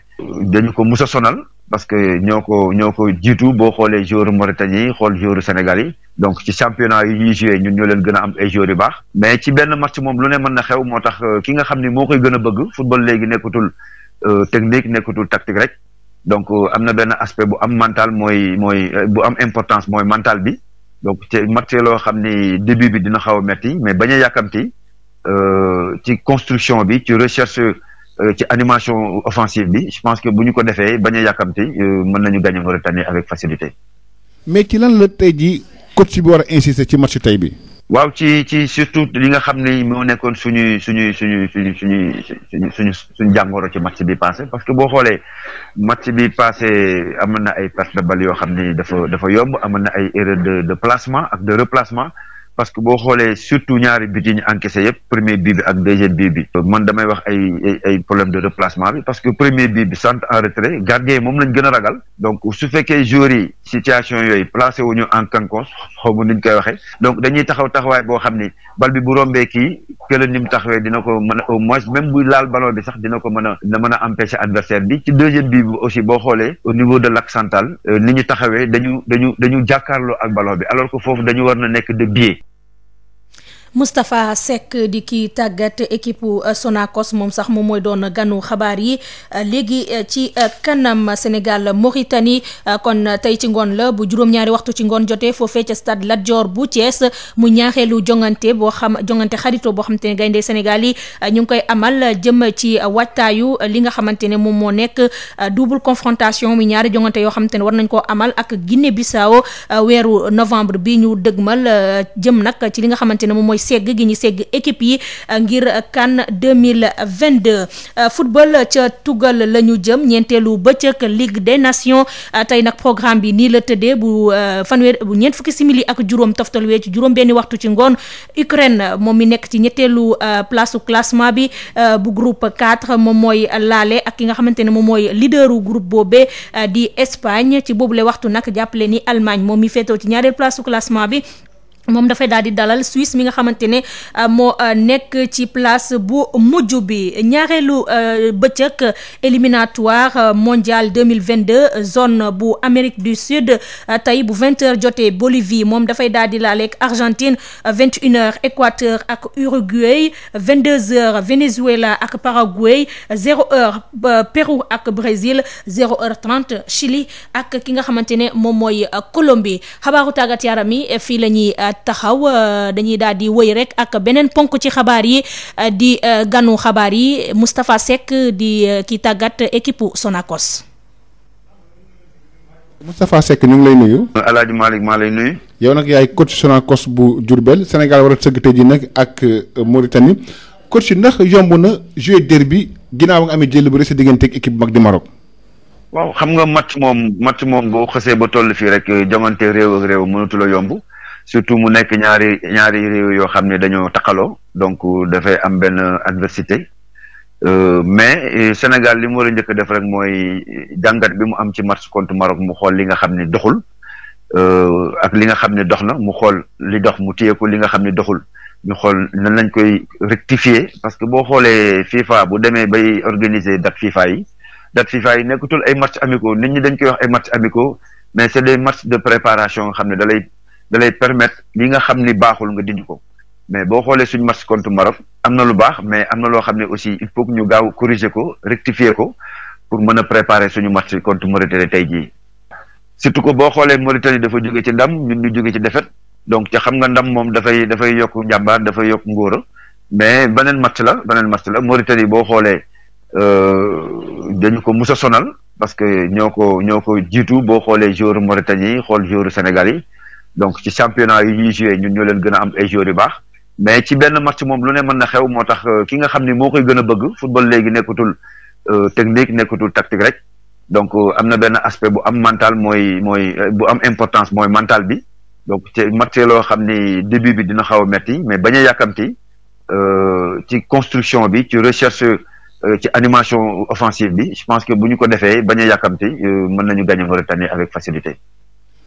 dañu ko mus a sonal parce que ñoo ko ñoo ko jiitu boo xoolee joueur Mauritanie yi xool joueur Sénégal yi donc ci championnat yi ñuy joué ñun ñoo leen gën am ay joueurs yu baax mais ci benn match moom lu ne mën na xew moo tax euh, ki nga xam ni moo koy gën a bëgg football léegi nekkatul euh, technique nekkatul tactique rek donc euh, am na benn aspect bu am mental mooy mooy bu am importance mooy mental bi donc te match loo xam ni début bi dina xaw a metti mais bañ a yàkkamti euh, ci construction bi ci recherche euh, ci animation offensive bi je pense que bu ñu ko defee bañ a yàkkamti euh, mën nañu war a Mauritanie avec facilité. mais ci lan la tey jii coach bi war a insister ci match tey bi. waaw ci ci surtout li nga xam ne moo nekkoon suñu suñu suñu suñu suñu suñu suñu suñu jàngoro ci match bi passé parce que boo xoolee match bi passé amoon na ay perte de balle yoo xam ne dafa dafa yomb amoon na ay erreur de de placement ak de replacement parce que boo xoolee surtout ñaari but yi ñu encaissé yëpp premier bii bi ak deuxième bii bi man damay wax ay ay problème de replacement bi parce que premier bii bi centre en retrait gardien yi moom lañ gën a ragal donc su fekkee joueurs yi situation yooyu placé wuñu en kankoos xaw ma nuñ koy waxee donc dañuy taxaw taxawaay boo xam ni bal bi bu rombee kii kële ni mu taxawee dina ko mën a au moins même buy laal ballon bi sax dina ko mën a mën a empêcher adversaire bi ci deuxième bii bi aussi boo xoole au niveau de l'axe central euh, ni ñu taxawee dañu dañu dañu jàkkaarloo ak ballon bi alors que foofu dañu war na nekk de biais Moustapha Seck di kii tàggat équipe euh, Sonacos moom sax moom mooy doon ganu xabaar yi euh, léegi euh, ci kanam Sénégal Mauritanie kon tey ci ngoon la bu juróom-ñaari waxtu ci ngoon jotee foo ca stade Lat Dior bu Thiès mu ñaaxeelu jongante boo xam jongante xaritoo boo xamante ne gaynde Sénégal yi ñu ngi koy amal jëm ci wattaayu li nga xamante ne moom moo nekk double confrontation mu ñaari jongante yoo xamante ne war nañ koo amal ak Guinée Bissau weeru novembre bi ñu dëgmal jëm nag ci mooy segg gi ñu segg équipe yi euh, ngir CAN 2022 euh, football ca tugal la ñu jëm ñeenteelu bëccëg Ligue de nation euh, tey nag programme bi nii la tëddee bu fanweer bu ñeent fukki simili ak juróom toftalwee ci juróom benni waxtu ci ngoon Ukraine moom mi nekk ci ñetteelu place su classement bi bu groupe 4 moom mooy laale ak ki nga xamante ne moom mooy leaderu groupe boobee di Espagne ci boobule waxtu nag jàppale ni Allemagne moom mi féetoo ci ñaareel place classement bi moom dafay daal di dalal Suisse mi nga xamante ne euh, moo euh, nekk ci place bu mujj bi ñaareelu euh, bëccëg éliminatoire mondial deux mille vingt deux zone bu Amérique du Sud tey bu vingt jotee Bolivie moom dafay daal di laaleeg Argentine vingt une heures Équateur ak Uruguay vingt deux heures Venezuela ak Paraguay zéro heure Pérou ak Brésil zéro heure trente Chili ak ki nga xamante ne moom mooy Colombie xabaaru tàggat yaram yi fii la ñuy daat taxaw euh, dañuy daal di wëy rek ak beneen ponk ci xabaar yi euh, di euh, ganu xabaar yi Moustapha Seck di ki tàggat équipe sonakos Moustapha Seck ñu ngi lay nuyu. El Hadj Malick maa lay nuyu. yow nag yaay coach Sonacos bu Diourbel Sénégal war a sëgg tey ji nag ak Mauritanie coach ndax yomb na jouer derby ginnaaw nga amee jël bu diggante ak équipe mag di Maroc. waaw xam nga match moom match moom boo xasee ba toll fii rek jongante réew ak réew mënatu yomb surtout mu nekk ñaari ñaari réew yoo xam ne dañoo taqaloo donc dafay am benn adversité euh, mais euh, Sénégal li mu war a njëkk def rek mooy euh, jàngat bi mu am ci match contre Maroc mu xool li nga xam ne doxul ak li nga xam ne dox na mu xool li dox mu téye ko li nga xam ne doxul ñu xool nan lañ koy rectifier parce que boo xoolee FIFA bu demee bay organiser date FIFA yi date FIFA yi nekkatul ay match amicaux nit ñi dañ koy wax ay match amicaux mais c'est des matchs de préparation nga xam ne dalay da lay permettre li nga xam ni baaxul nga dindi ko mais boo xoolee suñu match contre Maroc am na lu baax mais am na loo xam ne aussi il faut ñu gaaw corriger ko rectifier ko pour mën a préparer suñu match contre Mauritanie tey jii surtout que boo xoolee Mauritanie dafa jóge ci ndam ñun ñu jóge ci défaite donc ca xam nga ndam moom dafay dafay yokk njàmbaar dafay yokk ngóora mais beneen match la beneen match la Mauritanie boo xoolee euh, dañu ko mus sonal parce que ñoo ko ñoo ko jiitu boo xoolee joueur Mauritanie yi xool joueur Sénégal yi donc ci championnat yi ñuy joué ñun ñoo leen gën a am ay joueurs yu baax mais ci benn match moom lu ne mën na xew moo tax euh, ki nga xam ni moo koy gën a bëgg football léegi nekkatul euh, technique nekkatul tactique rek donc euh, am na benn aspect bu am mental mooy mooy bu am importance mooy mental bi donc ci match loo xam ni début bi dina xaw a metti mais bañ a yàkkamti ci construction bi ci recherche ci animation offensive bi je pense que bu ñu ko defee bañ a yàkkamti mën nañu gagner Mauritanie avec facilité.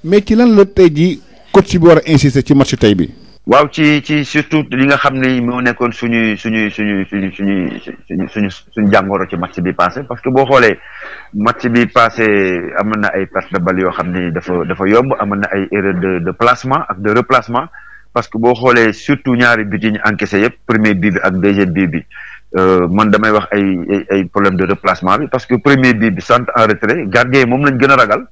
mais ci coach bi war a insister ci match tey bi. waaw ci ci surtout li nga xam ni moo nekkoon suñu suñu suñu suñu suñu suñu suñu jàngoro ci match bi passé parce que boo xoolee match bi passé amoon na ay perte de balle yoo xam ni dafa dafa yomb amoon na ay erreur de de ak de replacement parce que boo xoolee surtout ñaari but ñu encaissé yëpp premier but bi ak deuxième but bi euh, man damay wax ay ay problème de replacement bi parce que premier but bi centre en retrait gardien moom lañ gën a ragal.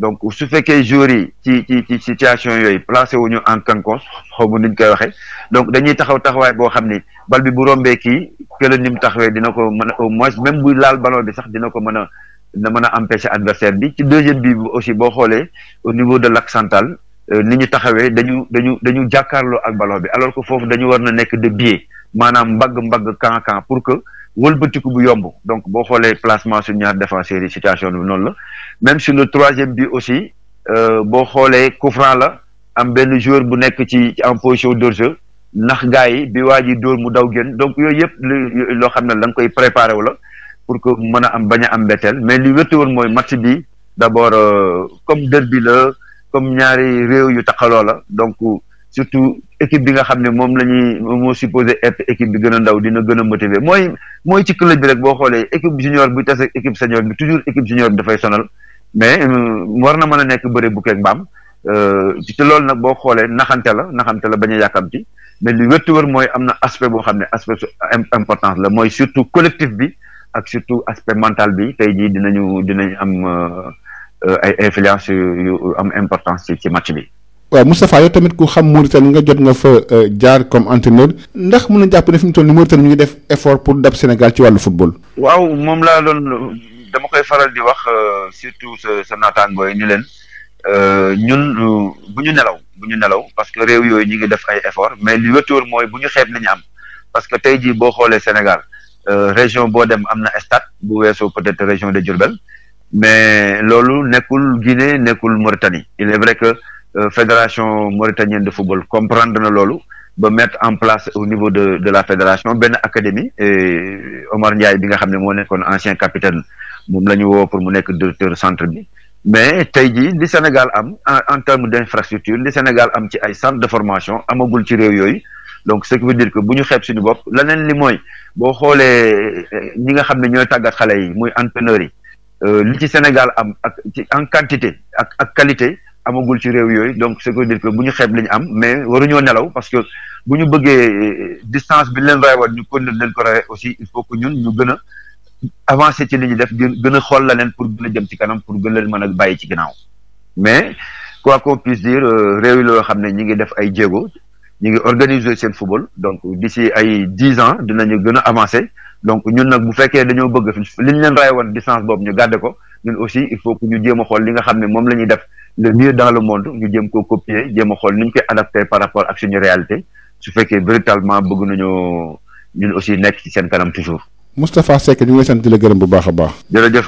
donc su fekkee joueurs yi ci ci ci situation yooyu placé wuñu en kankos xaw ma nuñ koy waxee donc dañuy taxaw taxawaay boo xam ne bal bi bu rombee kii kële ni mu taxawee dina ko mën a au moins même buy laal ballon bi sax dina ko mën a na mën a empêcher adversaire bi ci deuxième bi aussi boo xoolee au niveau de l'axe central euh, ni ñu taxawee dañu dañu dañu jàkkaarloo ak ballon bi alors que foofu dañu war na nekk de biais maanaam mbagg mbagg camp camp pour que wëlbatiku bu yomb donc boo xoolee placement suñu ñaar défenseurs yi situation bi noonu la même sur le troisième bi aussi euh, boo xoolee coup la am benn joueur bu nekk ci en position de jeu ndax gars bi waa ji dóor mu daw gën donc yooyu yëpp loo xam ne da nga koy préparé wu la pour que mën a am bañ a am mbetteel mais li wétti woon mooy match bi d' abord euh, comme bi la comme ñaari réew yu taxaloo la donc surtout équipe bi nga xam ne moom la ñuy moo supposé être équipe bi gën ndaw dina gën a motiver mooy mooy ci club bi rek boo xoolee équipe junior bi tase équipe senior bi toujours équipe junior bi dafay sonal mais euh, war na mën a nekk bëre bu keeg mbaam euh, te loolu nag boo xoolee naxante la naxante la bañ a yàkkamti mais li wéttu war mooy am na aspect boo xam ne aspect importance la mooy surtout collectif bi ak surtout aspect mental bi tey jii dinañu dinañ am euh, ay influence yu am importance ci ci bi waaw Moustapha yow tamit ku xam Mauritanie nga jot nga fa euh, jaar comme entraîneur ndax mën na jàpp ne fi mu toll ni Mauritanie ñu ngi def effort pour dab Sénégal ci wàllu football. waaw moom laa doon dama koy faral di wax euh, surtout sa sa naataango ñu leen euh, ñun bu ñu nelaw bu ñu nelaw parce que réew yooyu ñu ngi def ay effort mais li wëtoor mooy bu ñu xeeb li ñu am parce que tey jii boo xoolee Sénégal région boo dem am na stade bu weesoo peut-être région de Diourbel mais loolu nekkul Guinée nekkul Mauritanie il Euh, fédération mauritanienne de football comprendre na loolu ba mettre en place au niveau de de la fédération benn académie et Omar Ndiaye bi nga xam ne moo nekkoon ancien capitaine moom la ñu woo pour mu nekk directeur centre bi mais tey jii li Sénégal am en terme d' infrastructure li Sénégal am ci ay centre de formation amagul ci réew yooyu donc ce qui veut dire que bu ñu xeeb suñu bopp leneen li mooy boo xoolee eh, ñi nga xam ne ñooy tàggat xale yi muy entraîneurs yi euh, li ci Sénégal am ak ci en quantité ak ak qualité amagul ci réew yooyu donc c'est que bu ñu xeeb la ñu am mais waruñoo nelaw parce que euh, bi leen rayoon ñu continuer leen ko raye aussi il faut que ñun ñu gën a avancer ci li ñuy def gën a xool la leen pour gën ci kanam pour gën leen mën a bàyyi ci ginnaaw mais quoi qu'on puisse dire euh, réew xam ne ñi ngi def ay jéego ñu ngi organiser seen football donc d'ici ay dix ans dinañu gën a avancer donc ñun nag bu fekkee dañoo bëgg liñ leen rayoon distance boobu ñu gàdde ko ñun aussi il faut que ñu jéem a xool li nga xam ne moom la ñuy def le mieux dans le monde ñu jëm ko copier jéem a xool ni ñu koy par rapport ak suñu réalité su fekkee véritablement bëgg nañoo ñun aussi nekk ci seen kanam toujours Moustapha Seck ñu ngi gërëm bu baax a baax. jërëjëf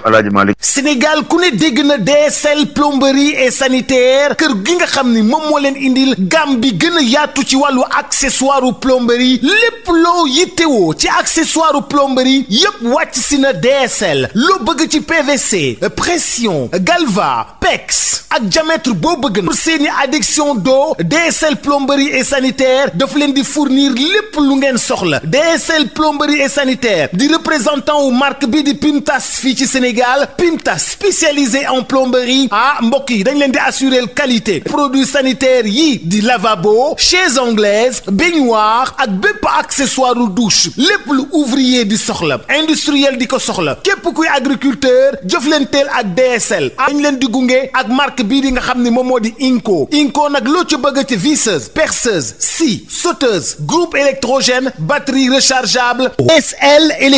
El ku ne dégg na DSL plomberie et sanitaire kër gi nga xam ni moom moo leen indil gam bi gën a yaatu ci wàllu accessoire plomberie lépp loo yittewoo ci accessoire plomberie yépp wàcc si na DSL loo bëgg ci PVC pression galva pex ak diamètre boo bëgg na pour seeni adduction d'eau DSL plomberie et sanitaire daf leen di fournir lépp lu ngeen soxla DSL plomberie et sanitaire di représentant wu marque bi di Pimtas fii ci Sénégal Pimtas spécialisé en plomberie a ah, mbokk yi dañ leen di assurer qualité produit sanitaires yi di lavabo chaises anglaises baignoire ak bépp accessoire u douche lépp lu ouvrier di soxla industriel di ko soxla képp kuy agriculteur jëf leen teel ak DSL ah, dañ leen di gunge ak marque bii di nga xam ne moom moo di Inco Inco nag loo ci bëgg ci visseuse perceuse scie sauteuse groupe électrogène batterie rechargeable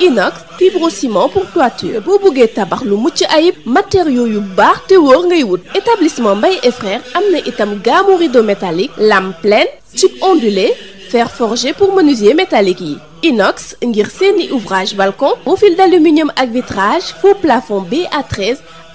inox fibrociment pour toiture boo bëggee tabax lu mucc ayib matériaux yu baax te wóor ngay wut établissement mbay et frères am na itam gamme rideau métallique lame pleine tube ondulé fer forgé pour menuisier métallique yi inox ngir seeni ouvrage balcon profil d'aluminium ak vitrage faux plafond BA13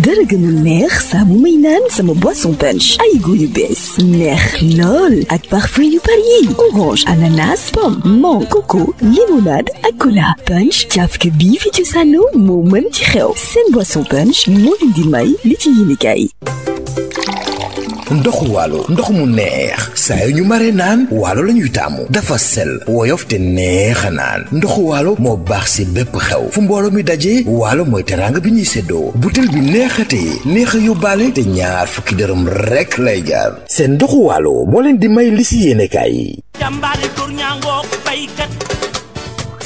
dara mu neex saa mu may naan sama boisson punch ay goût yu bees neex lool ak parfum yu orange ananas pomme mangue coco limonade ak cola punch cafka bii fi ci sànno moo mën ci xew seen boisson punch moo leen di may li ci yéene ndoxu waalo ndox mu neex saa yu ñu mare naan waalo la ñuy taamu dafa sel woyof te neex a naan ndoxu waalo moo baax si bépp xew fu mbooloo mi dajee waalo mooy teraanga bi ñuy séddoo butel bi neexatee neex a yóbbaale te ñaar fukki dërëm rekk lay jaar seen ndoxu waalo moo leen di may li si yéenekaay yi jàmbaare góor ñaa ngoog baykat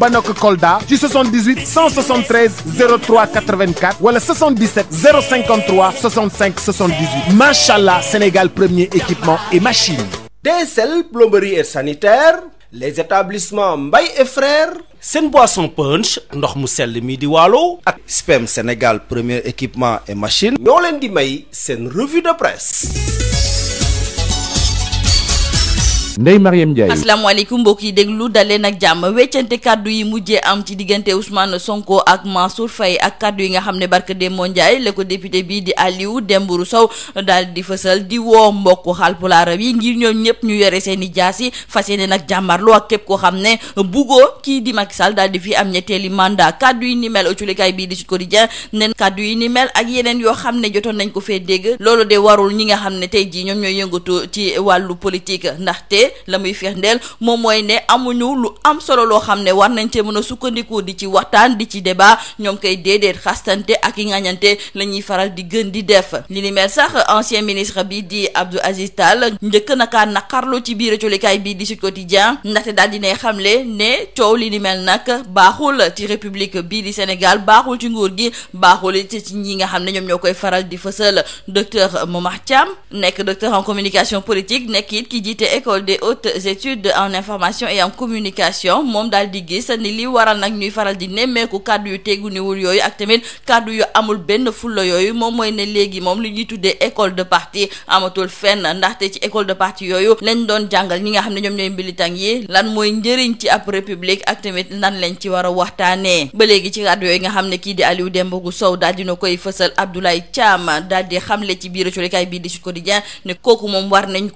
Mbanok Kolda ci 78 173 03 84 wala 77 053 65 78 macha allah Sénégal premier équipement et machine. DSL plomberie et sanitaire les établissements Mbaye et frères. seen boisson punch ndox mu sell mi di waalo ak SPEM Sénégal premier équipement et machine. ñoo leen may seen revue de presse. Ndeye Mariam Ndiaye asalaamaaleykum mbokk yi déglu daleen ak jàmm weccante kàddu yi mujjee am ci diggante Ousmane Sonko ak Mansour Faye ak kàddu yi nga xam ne barke Demba Ndiaye la ko député bii di Aliou Dembourou Sow daal di fësal di woo mbokku xalpulaar yi ngir ñoom ñëpp ñu yore seen i jaas yi fas yéene nag ak képp koo xam ne buggoo kii di Macky Sall di fi am ñetteeli mandat kàddu yi ni mel ak yeneen yoo xam ne jotoon nañ ko fee dégg loolu de warul loolee la muy firndeel moom mooy ne amuñu lu am solo loo xam ne war nañ cee mën a sukkandiku di ci waxtaan di ci débat ñoom koy déedéet xastante ak yi ngañante la ñuy faral di gën di def li ni sax ancien ministre bi di Abdou Aziz Tall njëkk na naqarlu ci biir colikaay bi di Sud Quotidien ndaxte daal dinay xamle ne coow li ni mel nag baaxul ci république bii di Sénégal baaxul ci nguur gi baaxul ci ñi nga xam ne ñoom ñoo koy faral di fësal docteur des hautes études en information et en communication moom daal di gis ni li waral nag ñuy faral di nemmeeku kàddu yu teguñuwul yooyu ak tamit kàddu yu amul benn fulla yooyu moom mooy ne léegi moom li ñuy tuddee école de parti amatul fenn ndaxte ci école de parti yooyu lañ doon jàngal ñi nga xam ne ñoom ñooy militant yi lan mooy njëriñ ci ab république ak tamit nan lañ ci war a waxtaanee ba léegi ci kàddu yooyu nga xam ne kii di Aliou Dembourou Sow daal dina koy fësal Abdoulaye Thiam daal di xamle ci biir colikay bii di Sud Quotidien ne kooku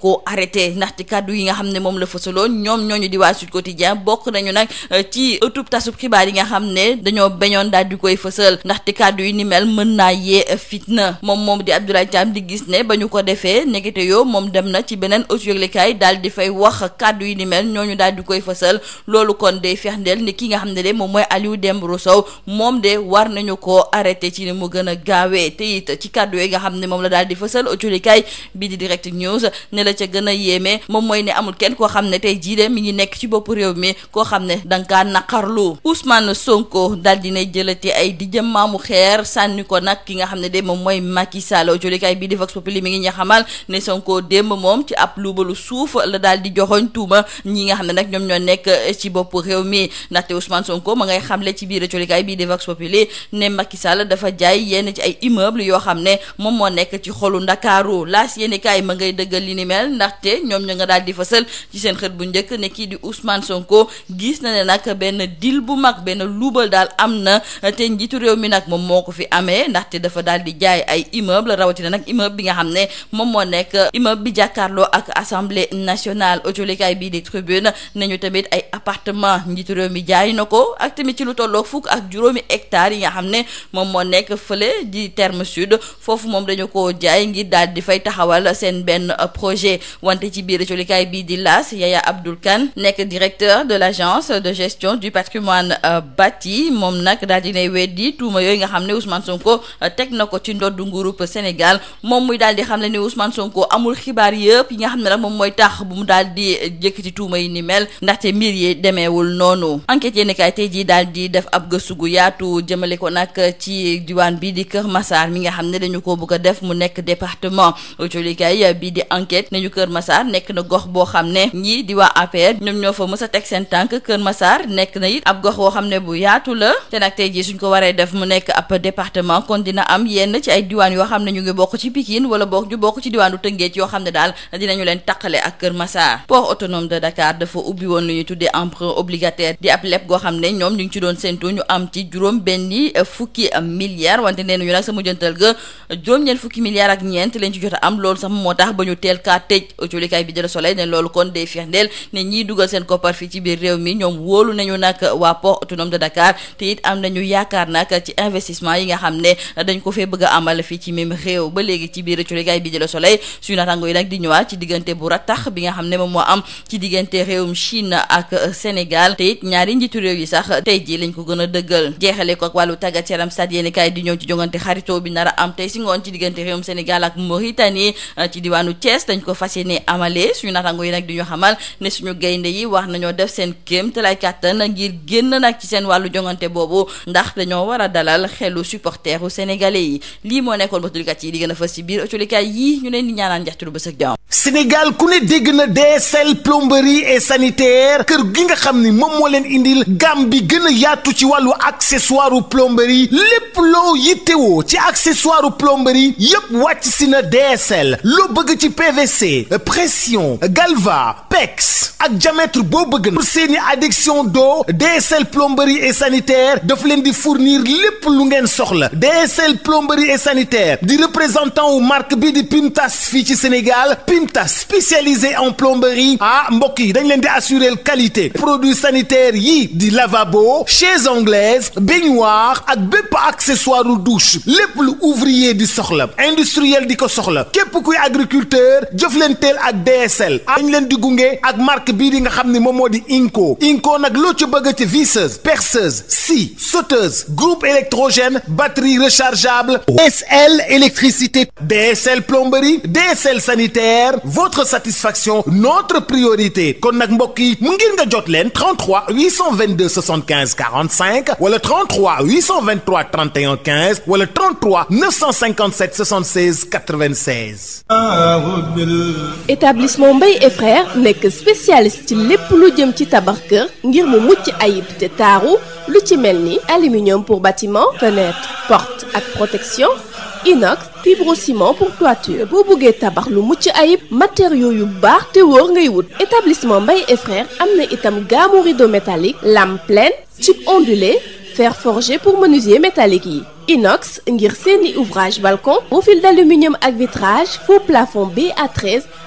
koo arrêté ndaxte kàddu yi nga xam ne moom la fësaloon ñoom ñooñu di waa Sud Quotidien bokk nañu nag euh, ci ëttub tasub xibaar yi nga xam ne dañoo beñoon daal di koy fësal ndaxte kàddu yi ni mel mën naa yee fitna moom moom di Abdoulaye Thiam di gis ne ba ñu ko defee nekkite yoo moom dem na ci beneen ëttu yëglekaay daal di fay wax kàddu yi ni mel ñooñu daal di koy fësal loolu kon day fexndeel ni ki nga xam ne de moom mooy Aliou Dembourou Sow moom de war nañu ko arrêté ci ni mu gën a gaawee te it ci kàddu yi nga xam ne moom la daal di fësal ëttu yëglekaay di direct news ne la ca gën a yéeme moom mooy ne amul kenn koo xam ne tey jii de mi ngi nekk ci bopp réew mi koo xam ne da nga kaa naqarlu Ousmane Sonko daal di ne jëlati ay di jëm maamu xeer sànni ko nag ki nga xam ne de moom mooy Macky Sall jolikaay bii di Vox Populi mi ngi ñu xamal ne Sonko démb moom ci ab luubalu suuf la daal di joxoñ tuuma ñi nga xam ne nag ñoom ñoo nekk ci bopp réew mi ndaxte Ousmane Sonko ma ngay xamle ci biir jolikaay bii di Vox Populi ne Macky Sall dafa jaay yenn ci ay immeuble yoo xam ne moom moo nekk ci xolu Ndakaaru laas yenn kaay ma ngay dëggal li ni mel ndaxte ñoom ña nga daal di fa fësal ci seen xët bu njëkk ne kii di Ousmane Sonko gis na ne nag benn deal bu mag benn luubal daal am na te njiitu réew mi nag moom moo ko fi amee ndaxte dafa daal di jaay ay immeuble rawatina nag immeuble bi nga xam ne moom moo nekk immeuble bi jàkkaarloo ak assemblée nationale autolikaay bii di tribune ñu tamit ay appartement njiitu réew mi jaay na ko ak tamit ci lu tolloo fukk ak juróomi hectares yi nga xam ne moom moo nekk fële di terme sud foofu moom dañu ko jaay ngir daal di fay taxawal seen benn projet wante ci biir autolikaay bii di Las Yaya Abdoul Kane nekk directeur de l' de gestion du patrimoine euh, bâti moom nag daal dinay weddi tuuma yooyu nga xam ne Ousmane Sonko euh, teg na ko ci ndoddu nguurub Sénégal moom muy daal di xam ne ni Ousmane Sonko amul xibaar yëpp yi nga xam ne nag moom mooy tax bu mu daal di euh, jëkkati tuuma yi ni mel ndaxte mbir yi demeewul noonu enquête yéen kaay tey ji daal di def ab gëstu gu yaatu jëmale ko nag ci diwaan bi di Kër Massar mi nga xam ne dañu ko bëgg a mu nekk département jolikaay bii boo xam ne ñii di waa APR ñoom ñoo fa mës a teg seen tànk Kër Massar nekk na it ab gox boo xam ne bu yaatu la te nag tey jii suñ ko waree def mu nekk ab département kon dina am yenn ci ay diwaan yoo xam ne ñu ngi bokk ci Pikine wala boog ñu bokk ci diwaanu Tëngéej yoo xam ne daal dinañu leen taqale ak Kër Massar port autonome de Dakar dafa ubbi woon lu ñuy tuddee emprunt obligataire di ab leb goo xam ne ñoom ñu ngi ci doon séntu ñu am ci juróom benni fukki milliards wante nee nañu nag sama jëntal ga juróom-ñeent fukki milliards ak ñeent lañ ci a am loolu kon day firndeel ne ñiy dugal seen koppar fii ci biir réew mi ñoom wóolu nañu nag waa port autonome de Dakar te it am nañu yaakaar nag ci investissement yi nga xam ne dañ ko fee bëgg a amal fii ci même réew ba léegi ci biir colikaay bi di Le Soleil suñu naataango yi nag di ñëwaat ci diggante bu rattax bi nga xam ne moom moo am ci diggante réewum Chine ak Sénégal te it ñaari njiitu réew yi sax tey jii lañ ko gën a dëggal jeexale ko ak wàllu tàggat yaram kaay di ñëw ci jongante xaritoo bi nar a am tey si ngoon ci diggante réewum Sénégal ak Mauritanie ci diwaanu Thiès dañ ko fas naataango yi nag di ñu xamal ne suñu gaynde yi war nañoo def seen kéem te lay kàttan ci seen wàllu jongante boobu ndax dañoo war a dalal xelu supporteru sénégalais yi lii moo nekkoon batulkat yi di gën a fës ci biir ëcculikaay yi ñu leen di ñaanaan njaxtulu bës ak jàmm Sénégal ku ne dégg na DSL plomberie et sanitaire kër gi nga xam ni moom moo leen indil gam bi gën a yaatu ci wàllu accessoire plomberie lépp loo yittewoo ci accessoire plomberie yépp wàcc si na DSL loo bëgg ci PVC pression galva pex ak diamètre boo bëgg na pour seeni adduction d'eau DSL plomberie et sanitaire daf leen di fournir lépp lu ngeen soxla DSL plomberie et sanitaire di représentant wu marque bi di Pimtas fii ci Sénégal Pimtas spécialisé en plomberie ah mbokk yi dañ leen di assurer qualité produit sanitaires yi di lavabo chaises anglaises baignoire ak bépp accessoire u douche lépp lu ouvrier di soxla industriel di ko soxla képp kuy agriculteur jëf leen teel ak DSL dañ leen di gunge ak marque bii di nga xam ni moom moo di Inco Inco nag loo ci bëgg ci visseuse perceuse scie sauteuse groupe électrogène batterie rechargeable DSL électricité DSL plomberie DSL sanitaire votre satisfaction notre priorité kon nag mbokk yi mu ngir nga jot leen 33 822 75 45 wala 33 823 31 15 wala 33 957 76 96. établissement Mbaye et nekk spécialiste ci lépp lu jëm ci tabax kër ngir mu mucc ayib te taaru lu ci mel ni aluminium pour bâtiment fenêtre porte ak protection inox fibrociment pour toiture boo bëggee tabax lu mucc ayib matériaux yu baax te wóor ngay wut. établissement Mbaye et am na itam gamme rideau métallique lame pleine tube ondulé fer forgé pour menuisier métallique yi. inox ngir seeni ouvrage balcon profil d'aluminium ak vitrage faux plafond BA13.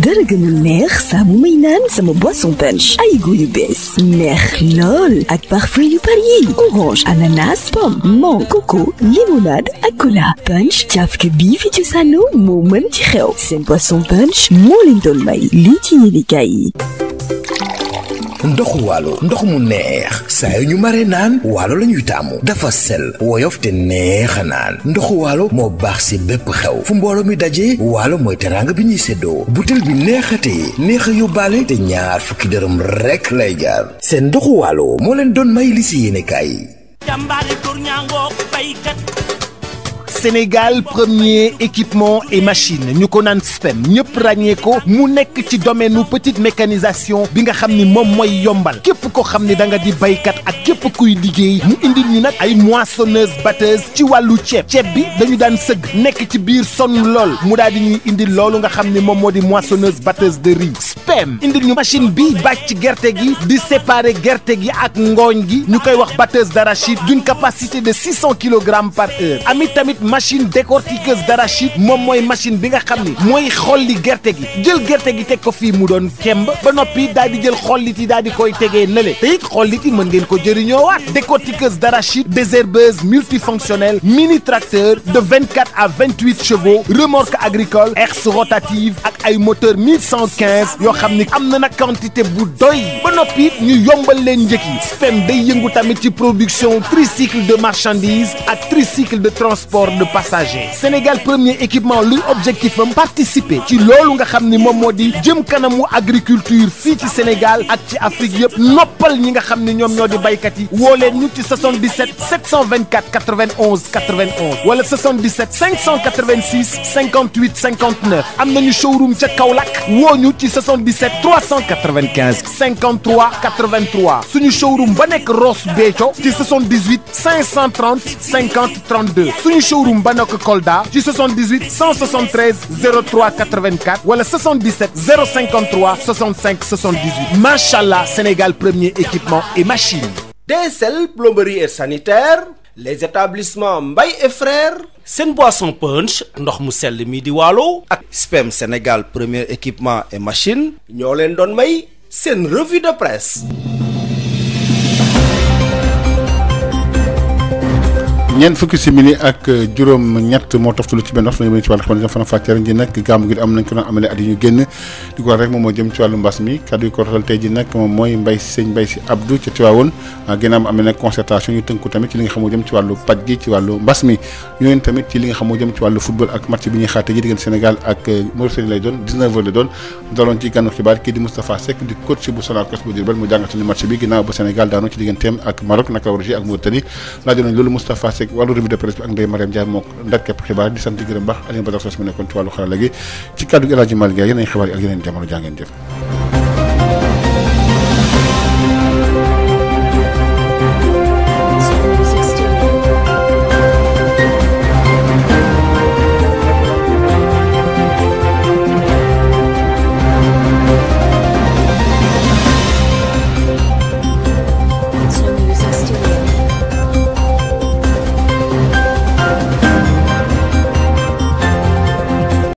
dara gën neex saa mu may naan sama boisson punch ay goût yu bees neex lool ak parfum yu orange ananas pomme mangue coco limonade ak cola punch cafka bii fi ci sànno moo mën ci xew seen boisson punch moo leen doon may lii ci yéenekaay yi ndoxu waalo ndox mu neex saa yu ñu mare naan waalo la ñuy taamu dafa sel woyof te neex a naan ndoxu waalo moo baax si bépp xew fu mbooloo mi dajee waalo mooy teraanga bi ñuy seddoo butel bi neexatee neex a yóbbaale te ñaar fukki dërëm rekk lay jaar seen ndoxu waalo moo leen doon may li si yéene kaay jàmbaale tur ñaangoo baykat Sénégal premier équipement et machine ñu ko naan SPEM ñëpp ràññee ko mu nekk ci domaine nu petite mécanisation bi nga xam ni moom mooy yombal képp ko xam ni da nga di baykat ak képp kuy liggéey mu indi ñu nag ay moissonneuse batteuse ci wàllu ceeb ceeb bi dañu daan sëgg nekk ci biir sonn lool mu daa di ñuy indi loolu nga xam ni moom moo di moissonneuse batteuse de riz. BFM indil ñu machine bi bàcc gerte gi di séparer gerte gi ak ngooñ gi ñu koy wax batteuse d'arachide d'une capacité de 600 kilogrammes par heure amit tamit machine décortiqueuse d'arachide moom mooy machine bi nga xam ni mooy xolli gerte gi jël gerte gi teg ko fii mu doon kemb ba noppi daal di jël xollit yi daal di koy tegee nële te it xollit yi mën ngeen ko jëriñoowaat décortiqueuse d'arachide désherbeuse multifonctionnelle mini tracteur de 24 à 28 chevaux remorque agricole herse rotative xam am na nag quantité bu doy ba noppi ñu yombal leen njëkk yi SPEM day yëngu tamit ci production tricycle de marchandise ak tricycle de transport de passagers Sénégal premier équipement luy objectif am participer ci loolu nga xam ni moom moo di jëm kanamu agriculture fii ci Sénégal ak ci Afrique yëpp noppal ñi nga xam ni ñoom ñoo di baykat yi woo leen ñu ci 77 724 91 91 wala 77 586 58 59 am nañu showroom ca Kaolack woo ñu ci 77 77 395 53 83 suñu showroom ba nekk Ross Béthio ci 78 530 50 32 suñu showroom ba nekk Kolda ci 78 173 03 84 wala 77 053 65 78 macha allah Sénégal premier équipement et machine. DSL plomberie et sanitaire les établissements Mbaye et seen boisson punch ndox mu sell mi di waalo ak SPEM Sénégal premier équipement et machine ñoo leen doon may seen revue de presse ñeent fukki simili ak euh, juróom-ñett moo toftalu ci benn wax nañu ci wàllu xam ne fana fàcceer ngi nag gàmmu gi am at yi ñu génn di ko rek moom moo jëm ci wàllu mbas mi kàddu yi ko rotal tey ji nag moom mooy mbay sëñ mbay si Abdou ca Tiwaawoon ah, ginnaaw tamit ci li nga xam moo jëm ci wàllu paj gi ci wàllu mbas mi ñooñu tamit ci li nga xam moo jëm ci wàllu football ak match bi ñuy xaate ji diggante Sénégal ak euh, Mauritanie lay doon 19 lay doon daloon ci gànnu waalo wàllu revue de presse bi ak Ndeye Mariam Ndiaye moo xibaar di sant di gërëm baax Alioune Badara ci wàllu xarala gi ci kàddu gi El Hadji Malick yeneen xibaar yi ak yeneen jamono